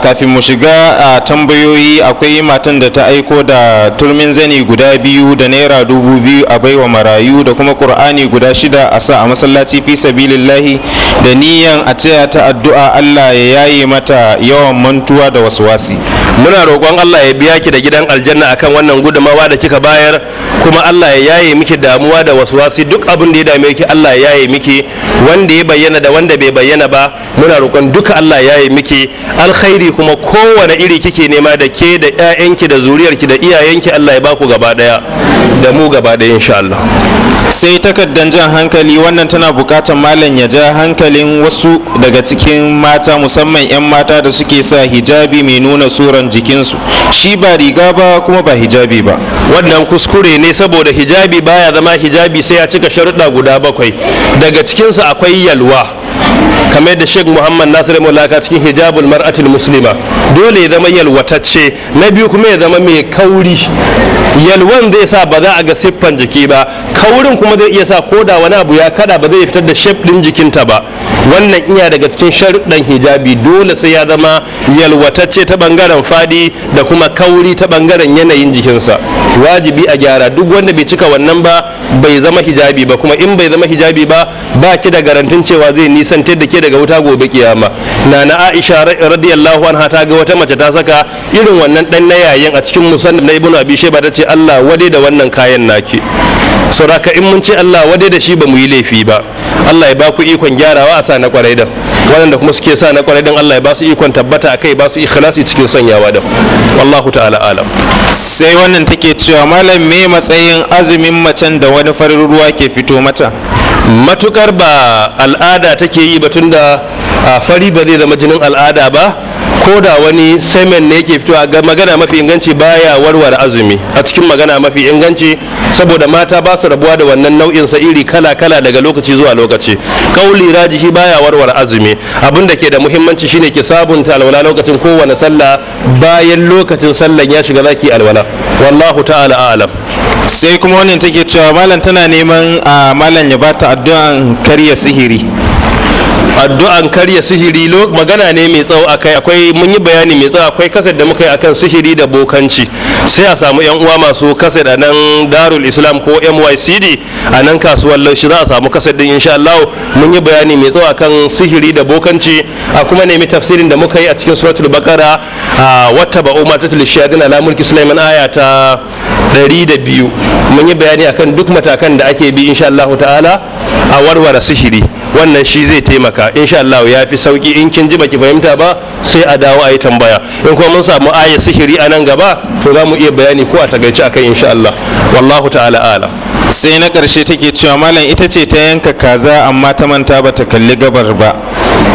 kafin mu shiga a tambayoyi akwai matan da ta aiko da turmin zani guda biyu da naira dubu biyu a baiwa marayu da kuma ƙur'ani guda shida a sa a masallaci fi sabilillahi da niyan a taya ta addu'a Allah ya yaye mata yawan mantuwa da waswasi muna roƙon Allah ya biya ki da gidan aljanna akan wannan gudumawa da kika bayar kuma Allah ya yaye miki damuwa da waswasi duk abin da ya dame ki Allah ya yaye miki wanda ya bayyana da wanda bai bayyana ba muna roƙon duka Allah ya yaye miki alkhairi kuma kowane iri kike nema da ke da 'ya'yanki da zuriyarki da iyayenki Allah ya baku gaba daya da mu gaba daya insha Allah sai takaddan jan hankali wannan tana bukatar malam ya ja hankalin wasu daga cikin mata musamman 'yan mata da suke sa hijabi mai nuna suran jikinsu shi ba riga ba kuma ba hijabi ba wannan kuskure ne saboda hijabi baya zama hijabi sai ya cika sharuɗa guda bakwai daga cikinsu akwai yalwa kamar yadda sheikh muhammad nasir mulaka cikin hijabul mar'atul muslima dole ya zama yalwatacce na biyu kuma ya zama mai kauri yalwan zai sa ba za a ga siffan jiki ba kaurin kuma zai iya sa ko da wani abu ya kada ba zai fitar da shape din jikinta ba wannan iya daga cikin sharuɗan hijabi dole sai ya zama yalwatacce ta bangaren fadi da kuma kauri ta bangaren yanayin jikinsa wajibi a gyara duk wanda bai cika wannan ba bai zama hijabi ba kuma in bai zama hijabi ba ba ki da garantin cewa zai nisantar da tsarkakakke daga wuta gobe kiyama na aisha radiyallahu anha ta ga wata mace ta saka irin wannan dan na yayin a cikin musannad na ibnu abi shayba ta ce Allah wade da wannan kayan naki saboda in mun ce Allah wade da shi ba mu yi laifi ba Allah ya ba ikon gyarawa a sa na kwarai da waɗanda kuma suke sa na kwarai dan Allah ya ba su ikon tabbata akai ba su ikhlasi cikin sanyawa da wallahu ta'ala alam sai wannan take cewa malam me matsayin azumin macen da wani farin ruwa ke fito mata matukar ba al'ada take yi ba tunda fari ba zai zama jinin al'ada ba ko da wani semen ne yake fitowa ga magana mafi inganci baya warwar azumi a cikin magana mafi inganci saboda mata ba su rabuwa da wannan nau'in sa iri kala kala daga lokaci zuwa lokaci kauli rajihi baya warware azumi abin da ke da muhimmanci shine ki sabunta alwala lokacin kowane sallah bayan lokacin sallan ya shiga zaki alwala wallahu ta'ala a'lam sai kuma wannan take cewa malam tana neman a ah, malam ya bata addu'an karya sihiri addu'an karya sihiri magana ne mai tsawo akai akwai mun yi bayani mai tsawo akwai kasar da muka yi akan sihiri da bokanci sai a samu yan uwa masu kasar a nan darul islam ko mycd a nan kasuwar laushi za a samu kasar din insha Allah mun yi bayani mai tsawo akan sihiri da bokanci a kuma nemi tafsirin da muka yi a cikin suratul baqara a wata ba umar shayadin ala mulki sulaiman aya ta 102 mun yi bayani akan duk matakan da ake bi insha Allah ta'ala a warware sihiri wannan shi zai taimaka Inshallahu insha Allah ya fi sauki in kin ji baki fahimta ba sai a dawo a yi tambaya in kuma mun samu ayat sihiri a nan gaba to za mu iya bayani ko a tagaice akai insha Allah wallahu ta'ala alam sai na ƙarshe take cewa malam ita ce ta yanka kaza amma ta manta ba ta kalli gabar ba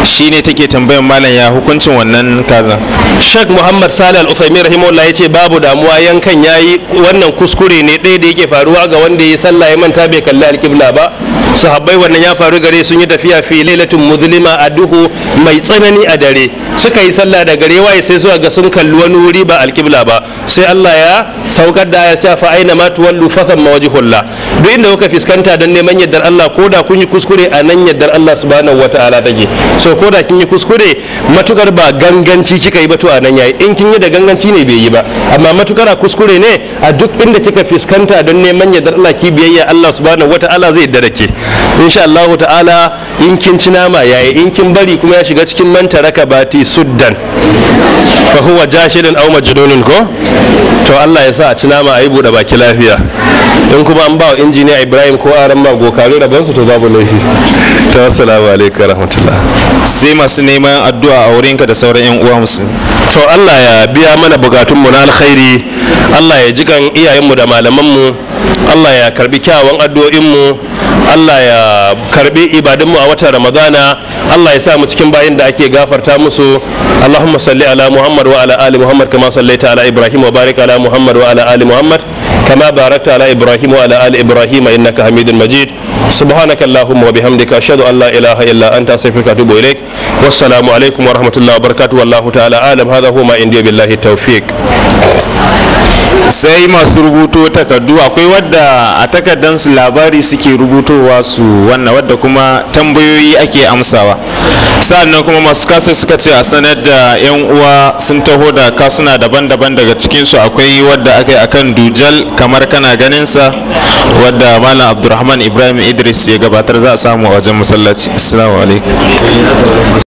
shi ne take tambayan malam ya hukuncin wannan kaza shak muhammad salih al ufaimi rahimahullah ya ce babu damuwa yankan yi wannan kuskure ne ɗaya da yake faruwa ga wanda ya sallah ya manta bai kalli alkibla ba sahabbai wannan ya faru gare sun yi tafiya fi lailatul muzlima a duhu mai tsanani a dare suka yi sallah da gare waye sai zuwa ga sun kalli wani wuri ba alƙibla ba sai Allah ya saukar da ya ce fa aina ma tuwallu fasamma wajhullah duk inda kuka fiskanta don neman yaddar Allah ko da kun yi kuskure a nan yaddar Allah subhanahu ta'ala take so ko da kin yi kuskure matukar ba ganganci kika yi ba to a nan yayi in kin yi da ganganci ne bai yi ba amma matukar a kuskure ne a duk inda kika fiskanta don neman yaddar Allah ki biyayya Allah subhanahu ta'ala zai yarda da insha Allah ta'ala in kin ci nama yayi in kin bari kuma ya shiga cikin mantaraka bati suddan fa huwa jashidan aw majnunun ko to Allah ya sa a ci nama ayi bude baki lafiya in kuma an ba wa injiniya ibrahim ko aran ma gokari rabansu to babu laifi ta assalamu alaikum rahmatullah sai masu neman addu'a a wurin ka da sauran yan uwa musu to allah ya biya mana bukatunmu na alkhairi allah ya jikan iyayenmu da malamanmu allah ya karbi kyawun addu'o'inmu Allah ya karbi ibadunmu a watan Ramadana Allah ya sa mu cikin bayin da ake gafarta musu Allahumma salli ala Muhammad wa ala ali Muhammad kama sallaita ala Ibrahim wa barik ala Muhammad wa ala ali Muhammad kama barakta ala Ibrahim wa ala ali Ibrahim innaka Hamidul Majid subhanaka Allahumma wa bihamdika ashhadu an la ilaha illa anta astaghfiruka wa atubu ilaik wassalamu alaikum wa rahmatullahi wa barakatuh wallahu ta'ala alam hadha huwa ma indiya billahi tawfiq sai masu rubuto takardu akwai wadda a takardansu labari suke rubutowa su wannan wadda kuma tambayoyi ake amsawa sa'annan kuma masu kasa suka ce a sanar da 'yan uwa sun taho da kasuna daban-daban daga cikinsu akwai wadda aka yi akan dujal kamar kana ganinsa wadda malam abdulrahman ibrahim idris ya gabatar za a samu a wajen masallaci assalamu alaikum